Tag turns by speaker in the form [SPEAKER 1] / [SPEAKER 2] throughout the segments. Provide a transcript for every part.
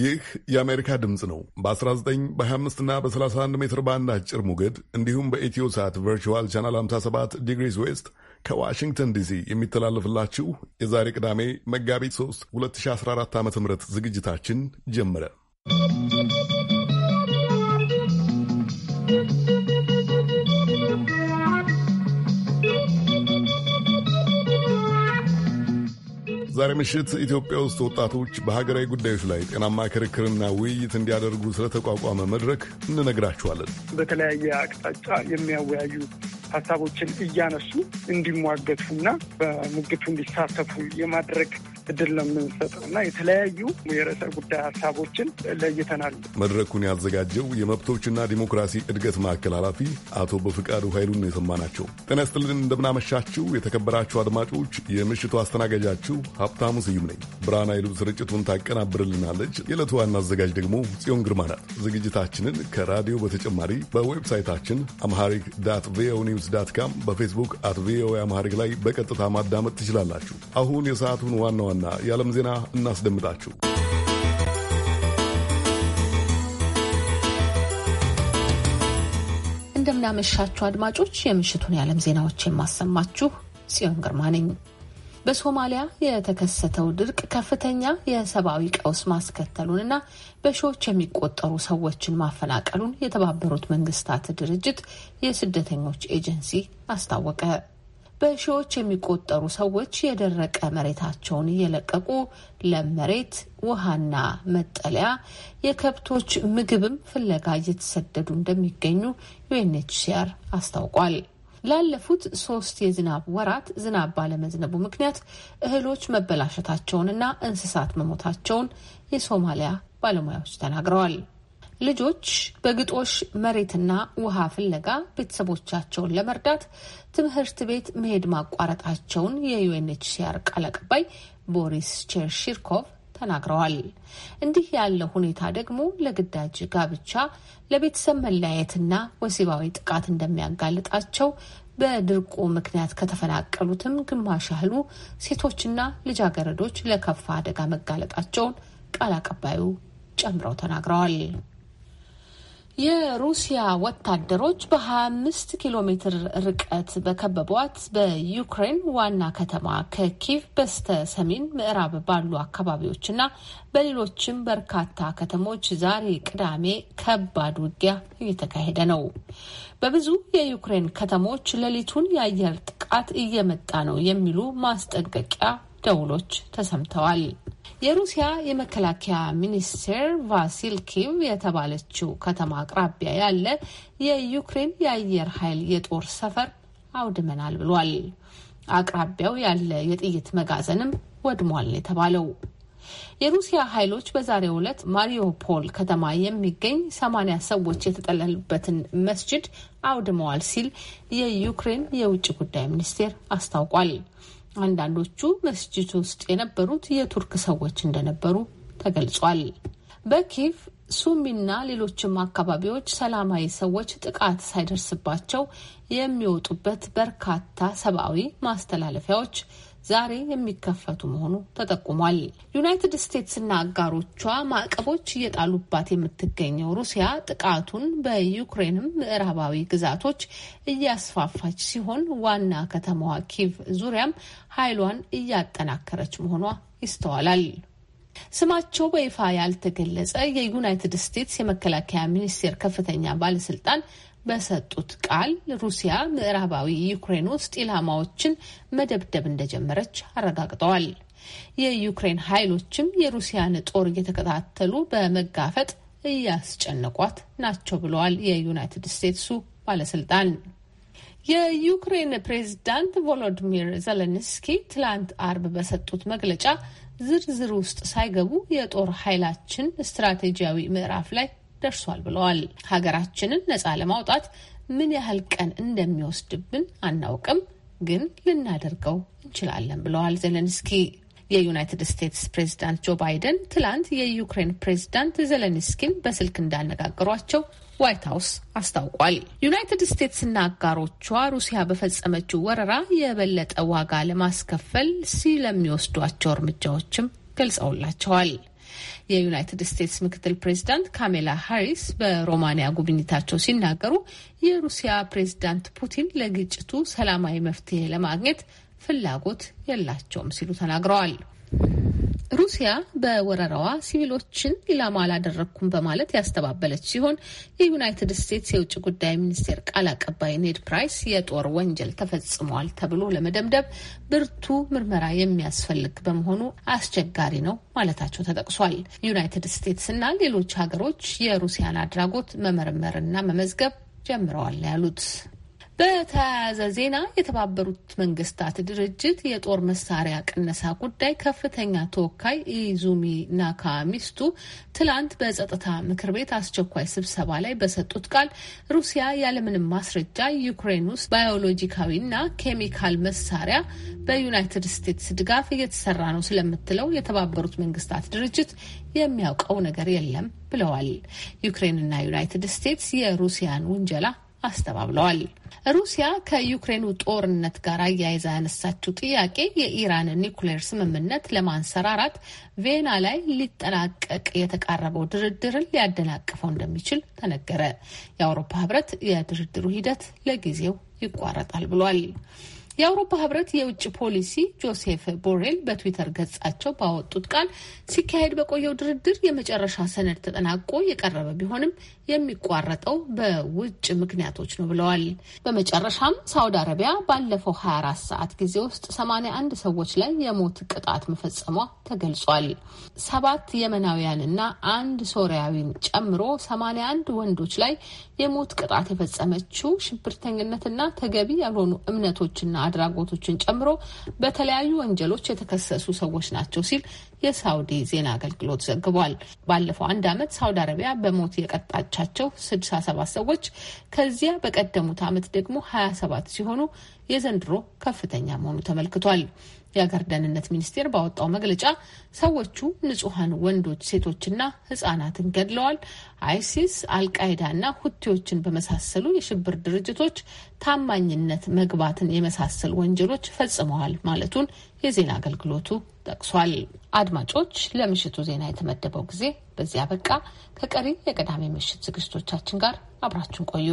[SPEAKER 1] ይህ የአሜሪካ ድምፅ ነው። በ19 በ25 እና በ31 ሜትር ባንድ አጭር ሞገድ እንዲሁም በኢትዮ ሳት ቨርቹዋል ቻናል 57 ዲግሪስ ዌስት ከዋሽንግተን ዲሲ የሚተላለፍላችሁ የዛሬ ቅዳሜ መጋቢት 3 2014 ዓ ም ዝግጅታችን ጀመረ። ዛሬ ምሽት ኢትዮጵያ ውስጥ ወጣቶች በሀገራዊ ጉዳዮች ላይ ጤናማ ክርክርና ውይይት እንዲያደርጉ ስለተቋቋመ መድረክ እንነግራችኋለን።
[SPEAKER 2] በተለያየ አቅጣጫ የሚያወያዩ ሀሳቦችን እያነሱ እንዲሟገቱና በሙግቱ እንዲሳተፉ የማድረግ እድል ነው የምንሰጠው እና የተለያዩ የርዕሰ ጉዳይ ሀሳቦችን
[SPEAKER 1] ለይተናል። መድረኩን ያዘጋጀው የመብቶችና ዲሞክራሲ እድገት ማዕከል ኃላፊ አቶ በፍቃዱ ኃይሉን የሰማናቸው። ጤና ይስጥልን፣ እንደምናመሻችው የተከበራችሁ አድማጮች። የምሽቱ አስተናጋጃችሁ ሀብታሙ ስዩም ነኝ። ብርሃን ኃይሉ ስርጭቱን ታቀናብርልናለች። የዕለቱ ዋና አዘጋጅ ደግሞ ጽዮን ግርማ ናት። ዝግጅታችንን ከራዲዮ በተጨማሪ በዌብሳይታችን አምሃሪክ ዳት ቪኦኤ ኒውስ ዳት ካም፣ በፌስቡክ አት ቪኦኤ አምሃሪክ ላይ በቀጥታ ማዳመጥ ትችላላችሁ። አሁን የሰዓቱን ዋና ዋና ዋና የዓለም ዜና እናስደምጣችሁ።
[SPEAKER 3] እንደምናመሻችሁ አድማጮች፣ የምሽቱን የዓለም ዜናዎች የማሰማችሁ ጽዮን ግርማ ነኝ። በሶማሊያ የተከሰተው ድርቅ ከፍተኛ የሰብአዊ ቀውስ ማስከተሉንና በሺዎች የሚቆጠሩ ሰዎችን ማፈናቀሉን የተባበሩት መንግስታት ድርጅት የስደተኞች ኤጀንሲ አስታወቀ። በሺዎች የሚቆጠሩ ሰዎች የደረቀ መሬታቸውን እየለቀቁ ለም መሬት፣ ውሃና መጠለያ፣ የከብቶች ምግብም ፍለጋ እየተሰደዱ እንደሚገኙ ዩኤንኤችሲአር አስታውቋል። ላለፉት ሶስት የዝናብ ወራት ዝናብ ባለመዝነቡ ምክንያት እህሎች መበላሸታቸውንና እንስሳት መሞታቸውን የሶማሊያ ባለሙያዎች ተናግረዋል። ልጆች በግጦሽ መሬትና ውሃ ፍለጋ ቤተሰቦቻቸውን ለመርዳት ትምህርት ቤት መሄድ ማቋረጣቸውን የዩኤንኤችሲአር ቃል አቀባይ ቦሪስ ቸርሺርኮቭ ተናግረዋል። እንዲህ ያለ ሁኔታ ደግሞ ለግዳጅ ጋብቻ፣ ለቤተሰብ መለያየትና ወሲባዊ ጥቃት እንደሚያጋልጣቸው በድርቁ ምክንያት ከተፈናቀሉትም ግማሽ ያህሉ ሴቶችና ልጃገረዶች ለከፋ አደጋ መጋለጣቸውን ቃል አቀባዩ ጨምረው ተናግረዋል። የሩሲያ ወታደሮች በ25 ኪሎ ሜትር ርቀት በከበቧት በዩክሬን ዋና ከተማ ከኪቭ በስተ ሰሜን ምዕራብ ባሉ አካባቢዎችና በሌሎችም በርካታ ከተሞች ዛሬ ቅዳሜ ከባድ ውጊያ እየተካሄደ ነው። በብዙ የዩክሬን ከተሞች ሌሊቱን የአየር ጥቃት እየመጣ ነው የሚሉ ማስጠንቀቂያ ደውሎች ተሰምተዋል። የሩሲያ የመከላከያ ሚኒስቴር ቫሲል ኪቭ የተባለችው ከተማ አቅራቢያ ያለ የዩክሬን የአየር ኃይል የጦር ሰፈር አውድመናል ብሏል። አቅራቢያው ያለ የጥይት መጋዘንም ወድሟል የተባለው የሩሲያ ኃይሎች በዛሬው ዕለት ማሪዮፖል ከተማ የሚገኝ ሰማንያ ሰዎች የተጠለሉበትን መስጅድ አውድመዋል ሲል የዩክሬን የውጭ ጉዳይ ሚኒስቴር አስታውቋል። አንዳንዶቹ መስጅድ ውስጥ የነበሩት የቱርክ ሰዎች እንደነበሩ ተገልጿል። በኪቭ ሱሚና ሌሎችም አካባቢዎች ሰላማዊ ሰዎች ጥቃት ሳይደርስባቸው የሚወጡበት በርካታ ሰብአዊ ማስተላለፊያዎች ዛሬ የሚከፈቱ መሆኑ ተጠቁሟል። ዩናይትድ ስቴትስና አጋሮቿ ማዕቀቦች እየጣሉባት የምትገኘው ሩሲያ ጥቃቱን በዩክሬንም ምዕራባዊ ግዛቶች እያስፋፋች ሲሆን ዋና ከተማዋ ኪቭ ዙሪያም ኃይሏን እያጠናከረች መሆኗ ይስተዋላል። ስማቸው በይፋ ያልተገለጸ የዩናይትድ ስቴትስ የመከላከያ ሚኒስቴር ከፍተኛ ባለስልጣን በሰጡት ቃል ሩሲያ ምዕራባዊ ዩክሬን ውስጥ ኢላማዎችን መደብደብ እንደጀመረች አረጋግጠዋል። የዩክሬን ኃይሎችም የሩሲያን ጦር እየተከታተሉ በመጋፈጥ እያስጨነቋት ናቸው ብለዋል የዩናይትድ ስቴትሱ ባለስልጣን። የዩክሬን ፕሬዝዳንት ቮሎዲሚር ዘለንስኪ ትላንት አርብ በሰጡት መግለጫ ዝርዝር ውስጥ ሳይገቡ የጦር ኃይላችን ስትራቴጂያዊ ምዕራፍ ላይ ደርሷል ብለዋል። ሀገራችንን ነጻ ለማውጣት ምን ያህል ቀን እንደሚወስድብን አናውቅም፣ ግን ልናደርገው እንችላለን ብለዋል ዜሌንስኪ። የዩናይትድ ስቴትስ ፕሬዚዳንት ጆ ባይደን ትላንት የዩክሬን ፕሬዚዳንት ዜሌንስኪን በስልክ እንዳነጋገሯቸው ዋይት ሀውስ አስታውቋል። ዩናይትድ ስቴትስና አጋሮቿ ሩሲያ በፈጸመችው ወረራ የበለጠ ዋጋ ለማስከፈል ሲለሚወስዷቸው እርምጃዎችም ገልጸውላቸዋል። የዩናይትድ ስቴትስ ምክትል ፕሬዚዳንት ካሜላ ሃሪስ በሮማንያ ጉብኝታቸው ሲናገሩ የሩሲያ ፕሬዚዳንት ፑቲን ለግጭቱ ሰላማዊ መፍትሄ ለማግኘት ፍላጎት የላቸውም ሲሉ ተናግረዋል። ሩሲያ በወረራዋ ሲቪሎችን ኢላማ አላደረግኩም በማለት ያስተባበለች ሲሆን የዩናይትድ ስቴትስ የውጭ ጉዳይ ሚኒስቴር ቃል አቀባይ ኔድ ፕራይስ የጦር ወንጀል ተፈጽሟል ተብሎ ለመደምደም ብርቱ ምርመራ የሚያስፈልግ በመሆኑ አስቸጋሪ ነው ማለታቸው ተጠቅሷል። ዩናይትድ ስቴትስ እና ሌሎች ሀገሮች የሩሲያን አድራጎት መመርመርና መመዝገብ ጀምረዋል ያሉት በተያያዘ ዜና የተባበሩት መንግስታት ድርጅት የጦር መሳሪያ ቅነሳ ጉዳይ ከፍተኛ ተወካይ ኢዙሚ ሚስቱ ትላንት በጸጥታ ምክር ቤት አስቸኳይ ስብሰባ ላይ በሰጡት ቃል ሩሲያ ያለምንም ማስረጃ ዩክሬን ውስጥ ባዮሎጂካዊና ኬሚካል መሳሪያ በዩናይትድ ስቴትስ ድጋፍ እየተሰራ ነው ስለምትለው የተባበሩት መንግስታት ድርጅት የሚያውቀው ነገር የለም ብለዋል። ዩክሬንና ዩናይትድ ስቴትስ የሩሲያን ውንጀላ አስተባብለዋል። ሩሲያ ከዩክሬኑ ጦርነት ጋር አያይዛ ያነሳችው ጥያቄ የኢራን ኒውክሌር ስምምነት ለማንሰራራት ቬና ላይ ሊጠናቀቅ የተቃረበው ድርድርን ሊያደናቅፈው እንደሚችል ተነገረ። የአውሮፓ ህብረት የድርድሩ ሂደት ለጊዜው ይቋረጣል ብሏል። የአውሮፓ ህብረት የውጭ ፖሊሲ ጆሴፍ ቦሬል በትዊተር ገጻቸው ባወጡት ቃል ሲካሄድ በቆየው ድርድር የመጨረሻ ሰነድ ተጠናቆ የቀረበ ቢሆንም የሚቋረጠው በውጭ ምክንያቶች ነው ብለዋል። በመጨረሻም ሳውዲ አረቢያ ባለፈው 24 ሰዓት ጊዜ ውስጥ 81 ሰዎች ላይ የሞት ቅጣት መፈጸሟ ተገልጿል። ሰባት የመናውያንና አንድ ሶሪያዊን ጨምሮ 81 ወንዶች ላይ የሞት ቅጣት የፈጸመችው ሽብርተኝነትና ተገቢ ያልሆኑ እምነቶችና አድራጎቶችን ጨምሮ በተለያዩ ወንጀሎች የተከሰሱ ሰዎች ናቸው ሲል የሳውዲ ዜና አገልግሎት ዘግቧል። ባለፈው አንድ ዓመት ሳውዲ አረቢያ በሞት የቀጣቻቸው 67 ሰዎች ከዚያ በቀደሙት ዓመት ደግሞ 27 ሲሆኑ የዘንድሮ ከፍተኛ መሆኑ ተመልክቷል። የአገር ደህንነት ሚኒስቴር ባወጣው መግለጫ ሰዎቹ ንጹሐን ወንዶች፣ ሴቶችና ህጻናትን ገድለዋል። አይሲስ፣ አልቃይዳ እና ሁቲዎችን በመሳሰሉ የሽብር ድርጅቶች ታማኝነት መግባትን የመሳሰሉ ወንጀሎች ፈጽመዋል ማለቱን የዜና አገልግሎቱ ጠቅሷል። አድማጮች፣ ለምሽቱ ዜና የተመደበው ጊዜ በዚህ አበቃ። ከቀሪ የቅዳሜ ምሽት ዝግጅቶቻችን ጋር አብራችን ቆዩ።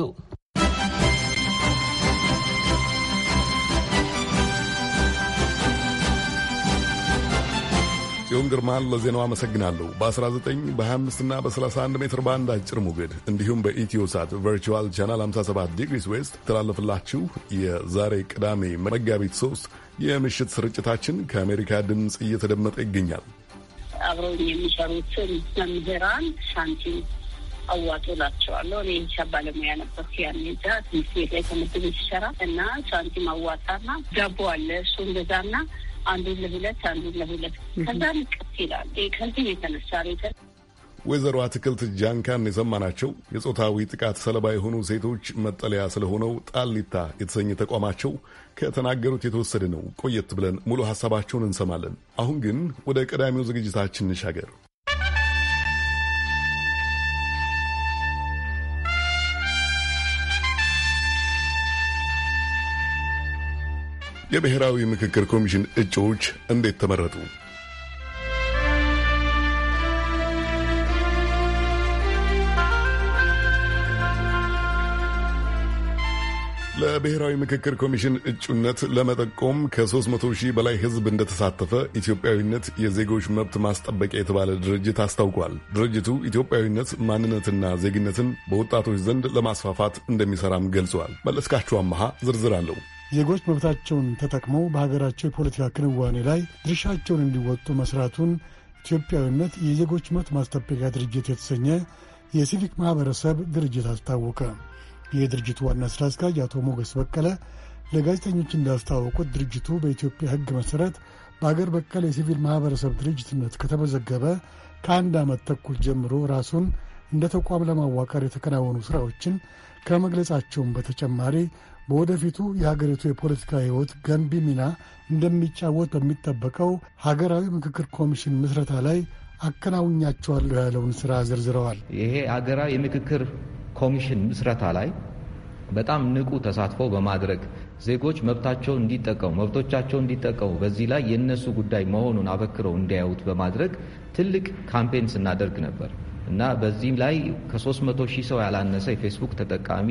[SPEAKER 1] ጽዮን ግርማን ለዜናው አመሰግናለሁ። በ19 በ25 እና በ31 ሜትር ባንድ አጭር ሞገድ እንዲሁም በኢትዮ ሳት ቨርቹዋል ቻናል 57 ዲግሪስ ዌስት ተላለፍላችሁ የዛሬ ቅዳሜ መጋቢት 3 የምሽት ስርጭታችን ከአሜሪካ ድምፅ እየተደመጠ ይገኛል።
[SPEAKER 4] አብረው የሚሰሩትን መምህራን ሳንቲም አዋጡ ላቸዋለሁ። እኔ ሂሳብ ባለሙያ ነበርኩ ያኔ እዛ ትምህርት ቤት ላይ ትምህርት ቤት ሲሰራ እና ሳንቲም አዋጣና ዳቦ አለ እሱን ገዛና አንዱን ለሁለት አንዱን ለሁለት ከዛ ንቅት ይላል። ከዚህ የተነሳ ቤተ
[SPEAKER 1] ወይዘሮ አትክልት ጃንካን የሰማናቸው የጾታዊ ጥቃት ሰለባ የሆኑ ሴቶች መጠለያ ስለሆነው ጣሊታ የተሰኘ ተቋማቸው ከተናገሩት የተወሰደ ነው። ቆየት ብለን ሙሉ ሀሳባቸውን እንሰማለን። አሁን ግን ወደ ቀዳሚው ዝግጅታችን እንሻገር። የብሔራዊ ምክክር ኮሚሽን እጩዎች እንዴት ተመረጡ? ለብሔራዊ ምክክር ኮሚሽን እጩነት ለመጠቆም ከ300 ሺህ በላይ ሕዝብ እንደተሳተፈ ኢትዮጵያዊነት የዜጎች መብት ማስጠበቂያ የተባለ ድርጅት አስታውቋል። ድርጅቱ ኢትዮጵያዊነት ማንነትና ዜግነትን በወጣቶች ዘንድ ለማስፋፋት እንደሚሰራም ገልጿል። መለስካቸው አመሃ ዝርዝር አለው።
[SPEAKER 5] ዜጎች መብታቸውን ተጠቅመው በሀገራቸው የፖለቲካ ክንዋኔ ላይ ድርሻቸውን እንዲወጡ መስራቱን ኢትዮጵያዊነት የዜጎች መብት ማስጠበቂያ ድርጅት የተሰኘ የሲቪክ ማኅበረሰብ ድርጅት አስታወቀ። የድርጅቱ ዋና ሥራ አስኪያጅ አቶ ሞገስ በቀለ ለጋዜጠኞች እንዳስታወቁት ድርጅቱ በኢትዮጵያ ሕግ መሠረት በአገር በቀል የሲቪል ማኅበረሰብ ድርጅትነት ከተመዘገበ ከአንድ ዓመት ተኩል ጀምሮ ራሱን እንደ ተቋም ለማዋቀር የተከናወኑ ሥራዎችን ከመግለጻቸውም በተጨማሪ በወደፊቱ የሀገሪቱ የፖለቲካ ሕይወት ገንቢ ሚና እንደሚጫወት በሚጠበቀው ሀገራዊ ምክክር ኮሚሽን ምስረታ ላይ አከናውኛቸዋለሁ ያለውን ስራ ዘርዝረዋል።
[SPEAKER 6] ይሄ ሀገራዊ የምክክር ኮሚሽን ምስረታ ላይ በጣም ንቁ ተሳትፎ በማድረግ ዜጎች መብታቸውን እንዲጠቀሙ መብቶቻቸው እንዲጠቀሙ በዚህ ላይ የእነሱ ጉዳይ መሆኑን አበክረው እንዲያዩት በማድረግ ትልቅ ካምፔን ስናደርግ ነበር እና በዚህም ላይ ከ300 ሺህ ሰው ያላነሰ የፌስቡክ ተጠቃሚ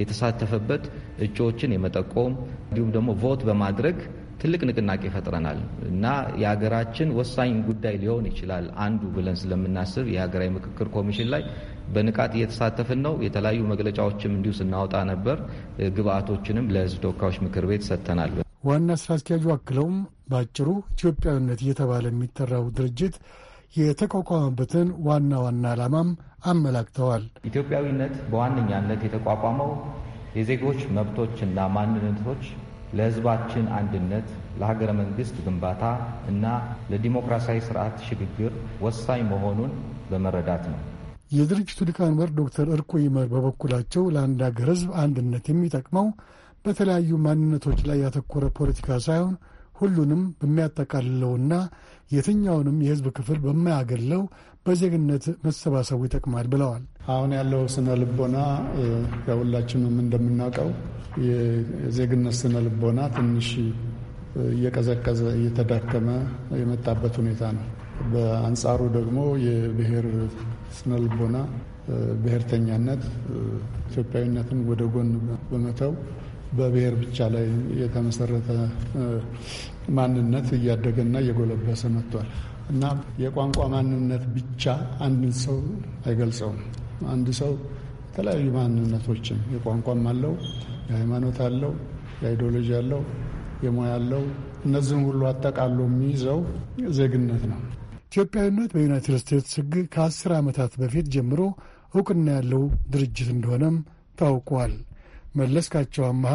[SPEAKER 6] የተሳተፈበት እጩዎችን የመጠቆም እንዲሁም ደግሞ ቮት በማድረግ ትልቅ ንቅናቄ ፈጥረናል እና የሀገራችን ወሳኝ ጉዳይ ሊሆን ይችላል አንዱ ብለን ስለምናስብ የሀገራዊ ምክክር ኮሚሽን ላይ በንቃት እየተሳተፍን ነው። የተለያዩ መግለጫዎችም እንዲሁ ስናወጣ ነበር። ግብአቶችንም ለሕዝብ ተወካዮች ምክር ቤት ሰጥተናል።
[SPEAKER 5] ዋና ስራ አስኪያጁ አክለውም በአጭሩ ኢትዮጵያዊነት እየተባለ የሚጠራው ድርጅት የተቋቋመበትን ዋና ዋና ዓላማም
[SPEAKER 6] አመላክተዋል። ኢትዮጵያዊነት በዋነኛነት የተቋቋመው የዜጎች መብቶችና ማንነቶች ለሕዝባችን አንድነት፣ ለሀገረ መንግስት ግንባታ እና ለዲሞክራሲያዊ ስርዓት ሽግግር ወሳኝ መሆኑን በመረዳት ነው። የድርጅቱ
[SPEAKER 5] ሊቀመንበር ዶክተር እርቁ ይመር በበኩላቸው ለአንድ ሀገር ሕዝብ አንድነት የሚጠቅመው በተለያዩ ማንነቶች ላይ ያተኮረ ፖለቲካ ሳይሆን ሁሉንም በሚያጠቃልለውና የትኛውንም የህዝብ ክፍል በማያገለው በዜግነት መሰባሰቡ ይጠቅማል ብለዋል። አሁን ያለው ስነ ልቦና ሁላችንም እንደምናውቀው የዜግነት ስነ ልቦና ትንሽ እየቀዘቀዘ እየተዳከመ የመጣበት ሁኔታ ነው። በአንጻሩ ደግሞ የብሔር ስነ ልቦና ብሔርተኛነት፣ ኢትዮጵያዊነትን ወደ ጎን በመተው በብሔር ብቻ ላይ የተመሰረተ ማንነት እያደገና እየጎለበሰ መጥቷል እና የቋንቋ ማንነት ብቻ አንድን ሰው አይገልጸውም። አንድ ሰው የተለያዩ ማንነቶችን የቋንቋም አለው፣ የሃይማኖት አለው፣ የአይዲዮሎጂ አለው፣ የሙያ አለው። እነዚህም ሁሉ አጠቃሎ የሚይዘው ዜግነት ነው። ኢትዮጵያዊነት በዩናይትድ ስቴትስ ሕግ ከአስር ዓመታት በፊት ጀምሮ እውቅና ያለው ድርጅት እንደሆነም ታውቋል። መለስካቸው አመሃ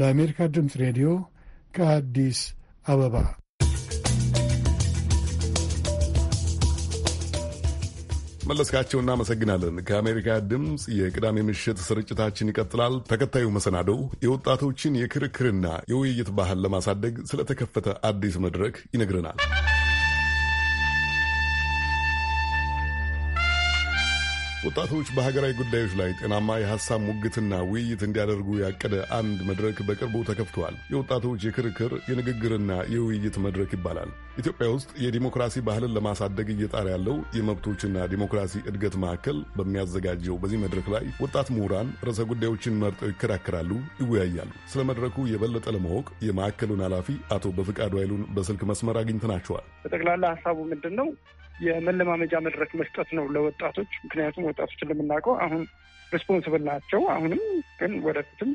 [SPEAKER 5] ለአሜሪካ ድምፅ ሬዲዮ ከአዲስ አበባ
[SPEAKER 1] መለስካቸው እናመሰግናለን። ከአሜሪካ ድምፅ የቅዳሜ ምሽት ስርጭታችን ይቀጥላል። ተከታዩ መሰናዶው የወጣቶችን የክርክርና የውይይት ባህል ለማሳደግ ስለተከፈተ አዲስ መድረክ ይነግረናል። ወጣቶች በሀገራዊ ጉዳዮች ላይ ጤናማ የሀሳብ ሙግትና ውይይት እንዲያደርጉ ያቀደ አንድ መድረክ በቅርቡ ተከፍተዋል። የወጣቶች የክርክር የንግግርና የውይይት መድረክ ይባላል። ኢትዮጵያ ውስጥ የዲሞክራሲ ባህልን ለማሳደግ እየጣር ያለው የመብቶችና ዲሞክራሲ እድገት ማዕከል በሚያዘጋጀው በዚህ መድረክ ላይ ወጣት ምሁራን ርዕሰ ጉዳዮችን መርጠው ይከራከራሉ፣ ይወያያሉ። ስለ መድረኩ የበለጠ ለማወቅ የማዕከሉን ኃላፊ አቶ በፍቃዱ ኃይሉን በስልክ መስመር አግኝተናቸዋል።
[SPEAKER 2] በጠቅላላ ሀሳቡ ምንድን ነው? የመለማመጃ መድረክ መስጠት ነው ለወጣቶች። ምክንያቱም ወጣቶች እንደምናውቀው አሁን ሬስፖንስብል ናቸው። አሁንም ግን ወደፊትም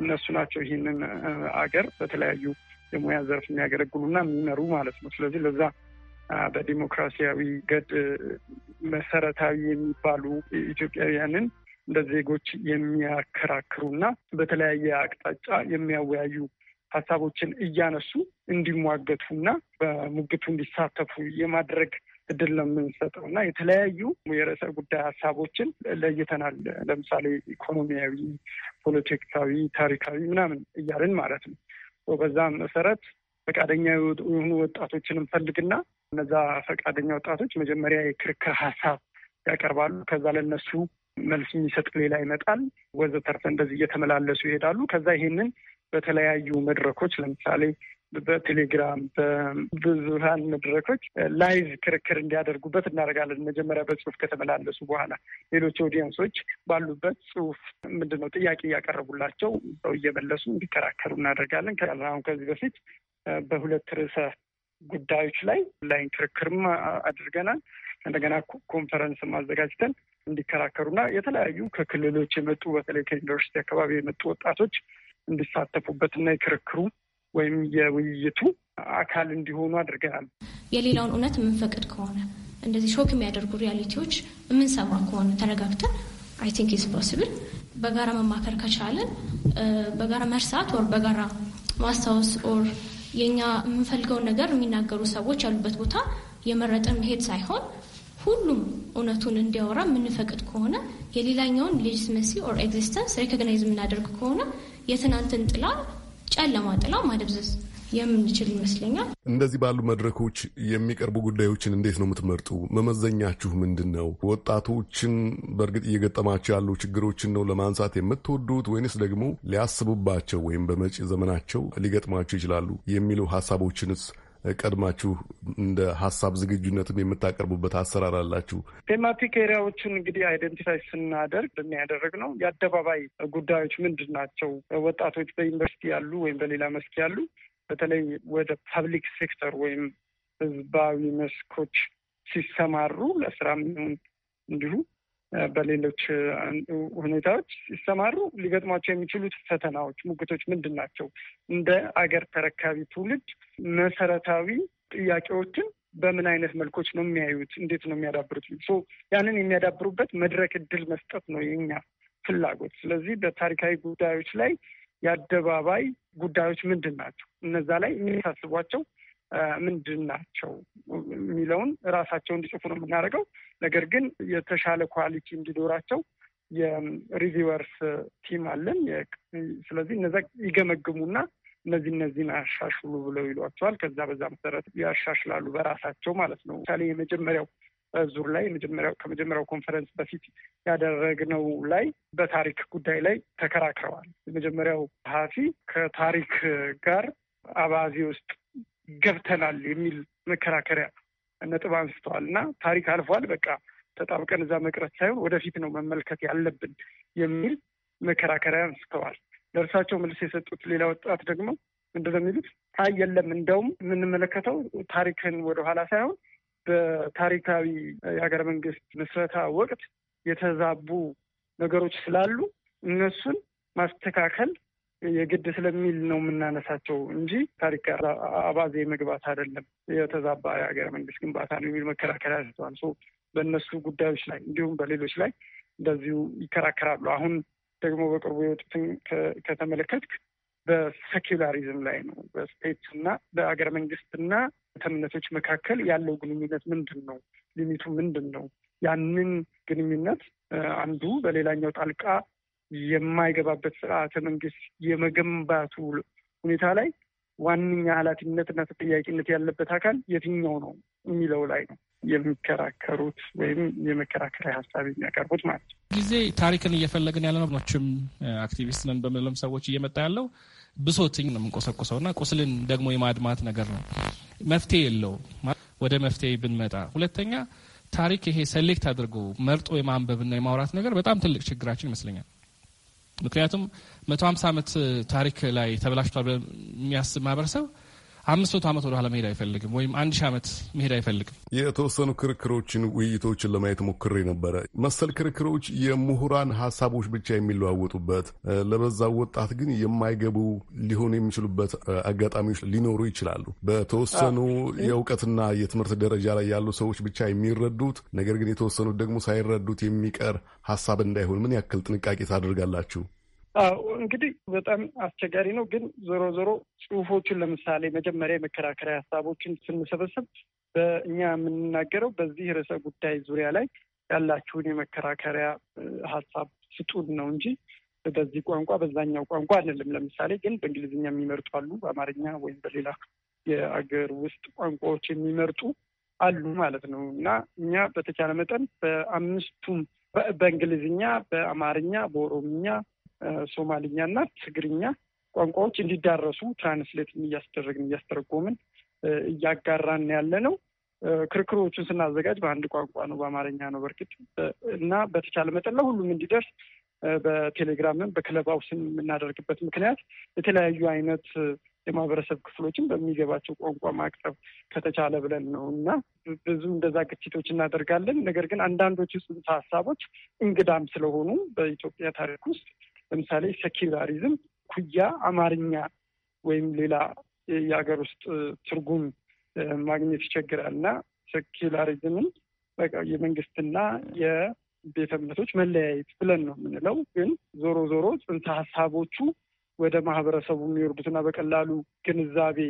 [SPEAKER 2] እነሱ ናቸው ይህንን አገር በተለያዩ የሙያ ዘርፍ የሚያገለግሉና የሚመሩ ማለት ነው። ስለዚህ ለዛ በዲሞክራሲያዊ ገድ መሰረታዊ የሚባሉ ኢትዮጵያውያንን እንደ ዜጎች የሚያከራክሩና በተለያየ አቅጣጫ የሚያወያዩ ሀሳቦችን እያነሱ እንዲሟገቱና በሙግቱ እንዲሳተፉ የማድረግ እድል ነው የምንሰጠው እና የተለያዩ የርዕሰ ጉዳይ ሀሳቦችን ለይተናል። ለምሳሌ ኢኮኖሚያዊ፣ ፖለቲካዊ፣ ታሪካዊ ምናምን እያልን ማለት ነው። በዛ መሰረት ፈቃደኛ የሆኑ ወጣቶችን እንፈልግና እነዛ ፈቃደኛ ወጣቶች መጀመሪያ የክርክር ሀሳብ ያቀርባሉ። ከዛ ለነሱ መልስ የሚሰጥ ሌላ ይመጣል፣ ወዘተርፈ እንደዚህ እየተመላለሱ ይሄዳሉ። ከዛ ይሄንን በተለያዩ መድረኮች ለምሳሌ በቴሌግራም በብዙሃን መድረኮች ላይቭ ክርክር እንዲያደርጉበት እናደርጋለን። መጀመሪያ በጽሁፍ ከተመላለሱ በኋላ ሌሎች ኦዲየንሶች ባሉበት ጽሁፍ ምንድን ነው ጥያቄ እያቀረቡላቸው ሰው እየመለሱ እንዲከራከሩ እናደርጋለን። አሁን ከዚህ በፊት በሁለት ርዕሰ ጉዳዮች ላይ ላይን ክርክርም አድርገናል። እንደገና ኮንፈረንስም አዘጋጅተን እንዲከራከሩና የተለያዩ ከክልሎች የመጡ በተለይ ከዩኒቨርሲቲ አካባቢ የመጡ ወጣቶች እንዲሳተፉበትና የክርክሩ ወይም የውይይቱ አካል እንዲሆኑ አድርገናል።
[SPEAKER 7] የሌላውን እውነት የምንፈቅድ ከሆነ እንደዚህ ሾክ የሚያደርጉ ሪያሊቲዎች የምንሰማ ከሆነ ተረጋግተን አይ ቲንክ ፖስብል በጋራ መማከር ከቻለን በጋራ መርሳት ወር በጋራ ማስታወስ ኦር የኛ የምንፈልገውን ነገር የሚናገሩ ሰዎች ያሉበት ቦታ የመረጠን መሄድ ሳይሆን ሁሉም እውነቱን እንዲያወራ የምንፈቅድ ከሆነ የሌላኛውን ሌጅስመሲ ኦር ኤግዚስተንስ ሬኮግናይዝ የምናደርግ ከሆነ የትናንትን ጥላ ጨለማ ጥላ ማደብዘዝ የምንችል ይመስለኛል።
[SPEAKER 1] እንደዚህ ባሉ መድረኮች የሚቀርቡ ጉዳዮችን እንዴት ነው የምትመርጡ? መመዘኛችሁ ምንድን ነው? ወጣቶችን በእርግጥ እየገጠማቸው ያሉ ችግሮችን ነው ለማንሳት የምትወዱት ወይንስ ደግሞ ሊያስቡባቸው ወይም በመጪ ዘመናቸው ሊገጥማቸው ይችላሉ የሚሉ ሀሳቦችንስ ቀድማችሁ እንደ ሀሳብ ዝግጁነትም የምታቀርቡበት አሰራር አላችሁ።
[SPEAKER 2] ቴማቲክ ኤሪያዎችን እንግዲህ አይደንቲፋይ ስናደርግ የሚያደረግ ነው የአደባባይ ጉዳዮች ምንድን ናቸው? ወጣቶች በዩኒቨርሲቲ ያሉ ወይም በሌላ መስክ ያሉ በተለይ ወደ ፐብሊክ ሴክተር ወይም ህዝባዊ መስኮች ሲሰማሩ ለስራም የሚሆን እንዲሁ በሌሎች ሁኔታዎች ሲሰማሩ ሊገጥሟቸው የሚችሉት ፈተናዎች፣ ሙግቶች ምንድን ናቸው? እንደ አገር ተረካቢ ትውልድ መሰረታዊ ጥያቄዎችን በምን አይነት መልኮች ነው የሚያዩት? እንዴት ነው የሚያዳብሩት? ያንን የሚያዳብሩበት መድረክ እድል መስጠት ነው የኛ ፍላጎት። ስለዚህ በታሪካዊ ጉዳዮች ላይ የአደባባይ ጉዳዮች ምንድን ናቸው? እነዛ ላይ የሚያሳስቧቸው ምንድን ናቸው የሚለውን ራሳቸው እንዲጽፉ ነው የምናደርገው። ነገር ግን የተሻለ ኳሊቲ እንዲኖራቸው የሪቪወርስ ቲም አለን። ስለዚህ እነዛ ይገመግሙና እነዚህ እነዚህን አሻሽሉ ብለው ይሏቸዋል። ከዛ በዛ መሰረት ያሻሽላሉ በራሳቸው ማለት ነው። ምሳሌ የመጀመሪያው ዙር ላይ ከመጀመሪያው ኮንፈረንስ በፊት ያደረግነው ላይ በታሪክ ጉዳይ ላይ ተከራክረዋል። የመጀመሪያው ጸሐፊ ከታሪክ ጋር አባዜ ውስጥ ገብተናል የሚል መከራከሪያ ነጥብ አንስተዋል እና ታሪክ አልፏል፣ በቃ ተጣብቀን እዛ መቅረት ሳይሆን ወደፊት ነው መመልከት ያለብን የሚል መከራከሪያ አንስተዋል። ለእርሳቸው መልስ የሰጡት ሌላ ወጣት ደግሞ ምንድነው የሚሉት? አይ የለም፣ እንደውም የምንመለከተው ታሪክን ወደኋላ ሳይሆን በታሪካዊ የሀገር መንግስት ምስረታ ወቅት የተዛቡ ነገሮች ስላሉ እነሱን ማስተካከል የግድ ስለሚል ነው የምናነሳቸው እንጂ ታሪክ ጋር አባዜ መግባት አይደለም። የተዛባ የሀገር መንግስት ግንባታ ነው የሚል መከራከሪያ ያስተዋል። በእነሱ ጉዳዮች ላይ እንዲሁም በሌሎች ላይ እንደዚሁ ይከራከራሉ። አሁን ደግሞ በቅርቡ የወጡትን ከተመለከትክ በሴኪላሪዝም ላይ ነው። በስቴት እና በሀገር መንግስትና እምነቶች መካከል ያለው ግንኙነት ምንድን ነው? ሊሚቱ ምንድን ነው? ያንን ግንኙነት አንዱ በሌላኛው ጣልቃ የማይገባበት ስርዓተ መንግስት የመገንባቱ ሁኔታ ላይ ዋነኛ ኃላፊነትና ተጠያቂነት ያለበት አካል የትኛው ነው የሚለው ላይ ነው የሚከራከሩት ወይም የመከራከሪያ ሀሳብ የሚያቀርቡት
[SPEAKER 8] ማለት ነው። ጊዜ ታሪክን እየፈለግን ያለ ነው ኖችም አክቲቪስት ነን በምለም ሰዎች እየመጣ ያለው ብሶትኝ ነው የምንቆሰቁሰው እና ቁስልን ደግሞ የማድማት ነገር ነው። መፍትሄ የለው። ወደ መፍትሄ ብንመጣ ሁለተኛ ታሪክ ይሄ ሰሌክት አድርጎ መርጦ የማንበብና የማውራት ነገር በጣም ትልቅ ችግራችን ይመስለኛል። ምክንያቱም መቶ ሀምሳ ዓመት ታሪክ ላይ ተበላሽቷል የሚያስብ ማህበረሰብ አምስት መቶ ዓመት ወደኋላ መሄድ አይፈልግም ወይም አንድ ሺህ ዓመት
[SPEAKER 1] መሄድ አይፈልግም። የተወሰኑ ክርክሮችን፣ ውይይቶችን ለማየት ሞክሬ ነበረ። መሰል ክርክሮች የምሁራን ሀሳቦች ብቻ የሚለዋወጡበት ለበዛ ወጣት ግን የማይገቡ ሊሆኑ የሚችሉበት አጋጣሚዎች ሊኖሩ ይችላሉ። በተወሰኑ የእውቀትና የትምህርት ደረጃ ላይ ያሉ ሰዎች ብቻ የሚረዱት ነገር ግን የተወሰኑት ደግሞ ሳይረዱት የሚቀር ሀሳብ እንዳይሆን ምን ያክል ጥንቃቄ ታደርጋላችሁ?
[SPEAKER 2] አዎ እንግዲህ በጣም አስቸጋሪ ነው። ግን ዞሮ ዞሮ ጽሁፎቹን ለምሳሌ መጀመሪያ የመከራከሪያ ሀሳቦችን ስንሰበስብ በእኛ የምንናገረው በዚህ ርዕሰ ጉዳይ ዙሪያ ላይ ያላችሁን የመከራከሪያ ሀሳብ ስጡን ነው እንጂ በዚህ ቋንቋ በዛኛው ቋንቋ አንልም። ለምሳሌ ግን በእንግሊዝኛ የሚመርጡ አሉ፣ በአማርኛ ወይም በሌላ የአገር ውስጥ ቋንቋዎች የሚመርጡ አሉ ማለት ነው እና እኛ በተቻለ መጠን በአምስቱም በእንግሊዝኛ፣ በአማርኛ፣ በኦሮምኛ ሶማሊኛና እና ትግርኛ ቋንቋዎች እንዲዳረሱ ትራንስሌትን እያስደረግን እያስተረጎምን እያጋራን ያለ ነው። ክርክሮቹን ስናዘጋጅ በአንድ ቋንቋ ነው፣ በአማርኛ ነው። በእርግጥ እና በተቻለ መጠን ለሁሉም እንዲደርስ በቴሌግራምም በክለብ የምናደርግበት ምክንያት የተለያዩ አይነት የማህበረሰብ ክፍሎችን በሚገባቸው ቋንቋ ማቅረብ ከተቻለ ብለን ነው እና ብዙ እንደዛ ግጭቶች እናደርጋለን። ነገር ግን አንዳንዶቹ ጽንሰ ሀሳቦች እንግዳም ስለሆኑ በኢትዮጵያ ታሪክ ውስጥ ለምሳሌ ሰኪላሪዝም ኩያ አማርኛ ወይም ሌላ የሀገር ውስጥ ትርጉም ማግኘት ይቸግራል እና ሰኪላሪዝምን በቃ የመንግስትና የቤተ እምነቶች መለያየት ብለን ነው የምንለው። ግን ዞሮ ዞሮ ጽንሰ ሀሳቦቹ ወደ ማህበረሰቡ የሚወርዱትና በቀላሉ ግንዛቤ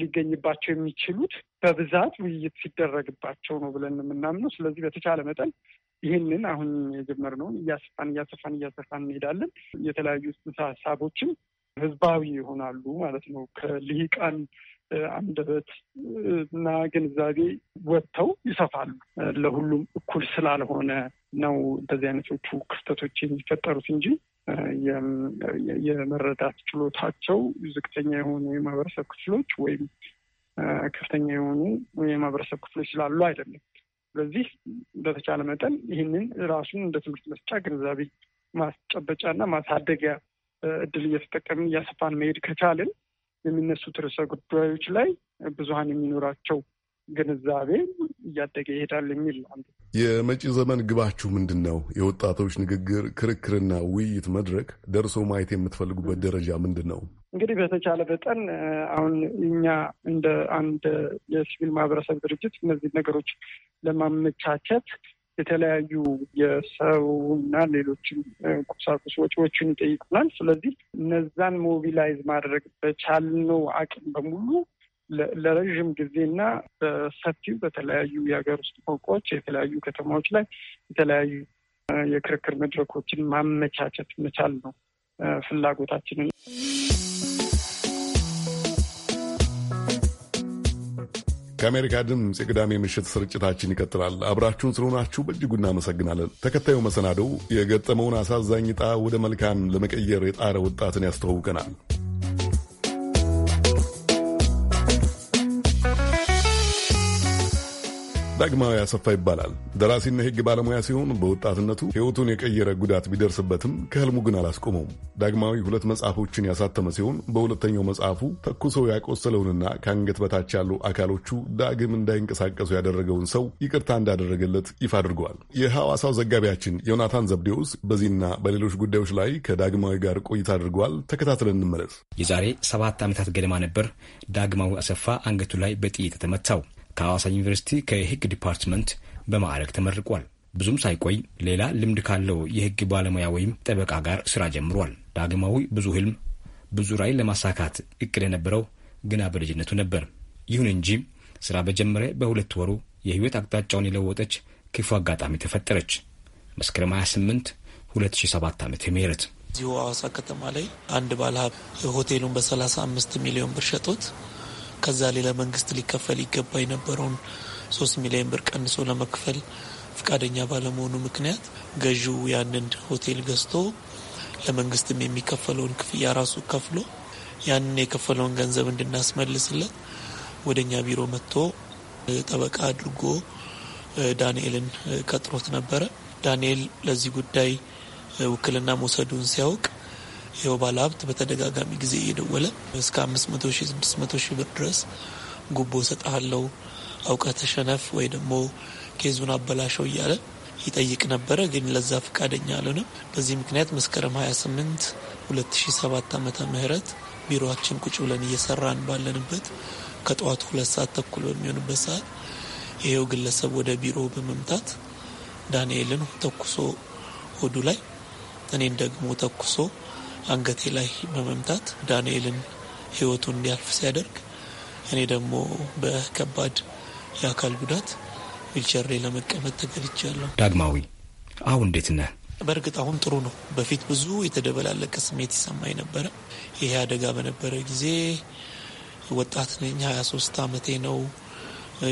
[SPEAKER 2] ሊገኝባቸው የሚችሉት በብዛት ውይይት ሲደረግባቸው ነው ብለን የምናምነው። ስለዚህ በተቻለ መጠን ይህንን አሁን የጀመርነውን እያሰፋን እያሰፋን እያሰፋን እንሄዳለን። የተለያዩ ጽንሰ ሀሳቦችም ህዝባዊ ይሆናሉ ማለት ነው። ከልሂቃን አንደበት እና ግንዛቤ ወጥተው ይሰፋሉ። ለሁሉም እኩል ስላልሆነ ነው እንደዚህ አይነቶቹ ክፍተቶች የሚፈጠሩት እንጂ የመረዳት ችሎታቸው ዝቅተኛ የሆኑ የማህበረሰብ ክፍሎች ወይም ከፍተኛ የሆኑ የማህበረሰብ ክፍሎች ስላሉ አይደለም። ስለዚህ በተቻለ መጠን ይህንን ራሱን እንደ ትምህርት መስጫ ግንዛቤ ማስጨበጫና ማሳደጊያ እድል እየተጠቀምን እያሰፋን መሄድ ከቻልን የሚነሱት ርዕሰ ጉዳዮች ላይ ብዙሀን የሚኖራቸው ግንዛቤ እያደገ ይሄዳል የሚል አንዱ
[SPEAKER 1] የመጪ ዘመን ግባችሁ ምንድን ነው? የወጣቶች ንግግር፣ ክርክርና ውይይት መድረክ ደርሶ ማየት የምትፈልጉበት ደረጃ ምንድን ነው?
[SPEAKER 2] እንግዲህ በተቻለ መጠን አሁን እኛ እንደ አንድ የሲቪል ማህበረሰብ ድርጅት እነዚህ ነገሮች ለማመቻቸት የተለያዩ የሰውና ሌሎችን ቁሳቁስ ወጪዎችን ይጠይቁናል። ስለዚህ እነዛን ሞቢላይዝ ማድረግ በቻልነው አቅም በሙሉ ለረዥም ጊዜና በሰፊው በተለያዩ የሀገር ውስጥ ፎቆች የተለያዩ ከተማዎች ላይ የተለያዩ የክርክር መድረኮችን ማመቻቸት መቻል ነው ፍላጎታችንን።
[SPEAKER 1] ከአሜሪካ ድምፅ የቅዳሜ ምሽት ስርጭታችን ይቀጥላል። አብራችሁን ስለሆናችሁ በእጅጉ እናመሰግናለን። ተከታዩ መሰናዶው የገጠመውን አሳዛኝ ዕጣ ወደ መልካም ለመቀየር የጣረ ወጣትን ያስተዋውቀናል። ዳግማዊ አሰፋ ይባላል። ደራሲና የሕግ ባለሙያ ሲሆን በወጣትነቱ ሕይወቱን የቀየረ ጉዳት ቢደርስበትም ከህልሙ ግን አላስቆመውም። ዳግማዊ ሁለት መጽሐፎችን ያሳተመ ሲሆን በሁለተኛው መጽሐፉ ተኩሶ ያቆሰለውንና ከአንገት በታች ያሉ አካሎቹ ዳግም እንዳይንቀሳቀሱ ያደረገውን ሰው ይቅርታ እንዳደረገለት ይፋ አድርገዋል። የሐዋሳው ዘጋቢያችን ዮናታን ዘብዴውስ በዚህና በሌሎች ጉዳዮች ላይ ከዳግማዊ ጋር ቆይታ አድርገዋል። ተከታትለን እንመለስ። የዛሬ ሰባት ዓመታት ገደማ ነበር ዳግማዊ አሰፋ አንገቱ ላይ በጥይት ተመታው።
[SPEAKER 8] ከሐዋሳ ዩኒቨርሲቲ ከሕግ ዲፓርትመንት በማዕረግ ተመርቋል። ብዙም ሳይቆይ ሌላ ልምድ ካለው የሕግ ባለሙያ ወይም ጠበቃ ጋር ስራ ጀምሯል። ዳግማዊ ብዙ ህልም፣ ብዙ ራዕይ ለማሳካት እቅድ የነበረው ግና በልጅነቱ ነበር። ይሁን እንጂ ስራ በጀመረ በሁለት ወሩ የህይወት አቅጣጫውን የለወጠች ክፉ አጋጣሚ ተፈጠረች። መስከረም 28 2007 ዓ ም
[SPEAKER 9] እዚሁ ሐዋሳ ከተማ ላይ አንድ ባለሀብት ሆቴሉን በ35 ሚሊዮን ብር ሸጦት ከዛ ሌላ መንግስት ሊከፈል ይገባ የነበረውን ሶስት ሚሊዮን ብር ቀንሶ ለመክፈል ፈቃደኛ ባለመሆኑ ምክንያት ገዢው ያንን ሆቴል ገዝቶ ለመንግስትም የሚከፈለውን ክፍያ ራሱ ከፍሎ ያንን የከፈለውን ገንዘብ እንድናስመልስለት ወደ እኛ ቢሮ መጥቶ ጠበቃ አድርጎ ዳንኤልን ቀጥሮት ነበረ። ዳንኤል ለዚህ ጉዳይ ውክልና መውሰዱን ሲያውቅ ይኸው ባለ ሀብት በተደጋጋሚ ጊዜ እየደወለ እስከ አምስት መቶ ሺ ስድስት መቶ ሺ ብር ድረስ ጉቦ ሰጠሃለው፣ አውቀ ተሸነፍ ወይ ደግሞ ኬዙን አበላሸው እያለ ይጠይቅ ነበረ። ግን ለዛ ፈቃደኛ አልሆነም። በዚህ ምክንያት መስከረም 28 2007 ዓመተ ምህረት ቢሮችን ቁጭ ብለን እየሰራን ባለንበት ከጠዋቱ ሁለት ሰዓት ተኩል በሚሆንበት ሰዓት ይሄው ግለሰብ ወደ ቢሮ በመምታት ዳንኤልን ተኩሶ ሆዱ ላይ እኔን ደግሞ ተኩሶ አንገቴ ላይ በመምታት ዳንኤልን ህይወቱን እንዲያልፍ ሲያደርግ እኔ ደግሞ በከባድ የአካል ጉዳት ቪልቸሬ ለመቀመጥ ተገልቻለሁ።
[SPEAKER 8] ዳግማዊ አሁን እንዴት ነህ?
[SPEAKER 9] በእርግጥ አሁን ጥሩ ነው። በፊት ብዙ የተደበላለቀ ስሜት ይሰማኝ ነበረ። ይሄ አደጋ በነበረ ጊዜ ወጣት ነኝ፣ 23 ዓመቴ ነው።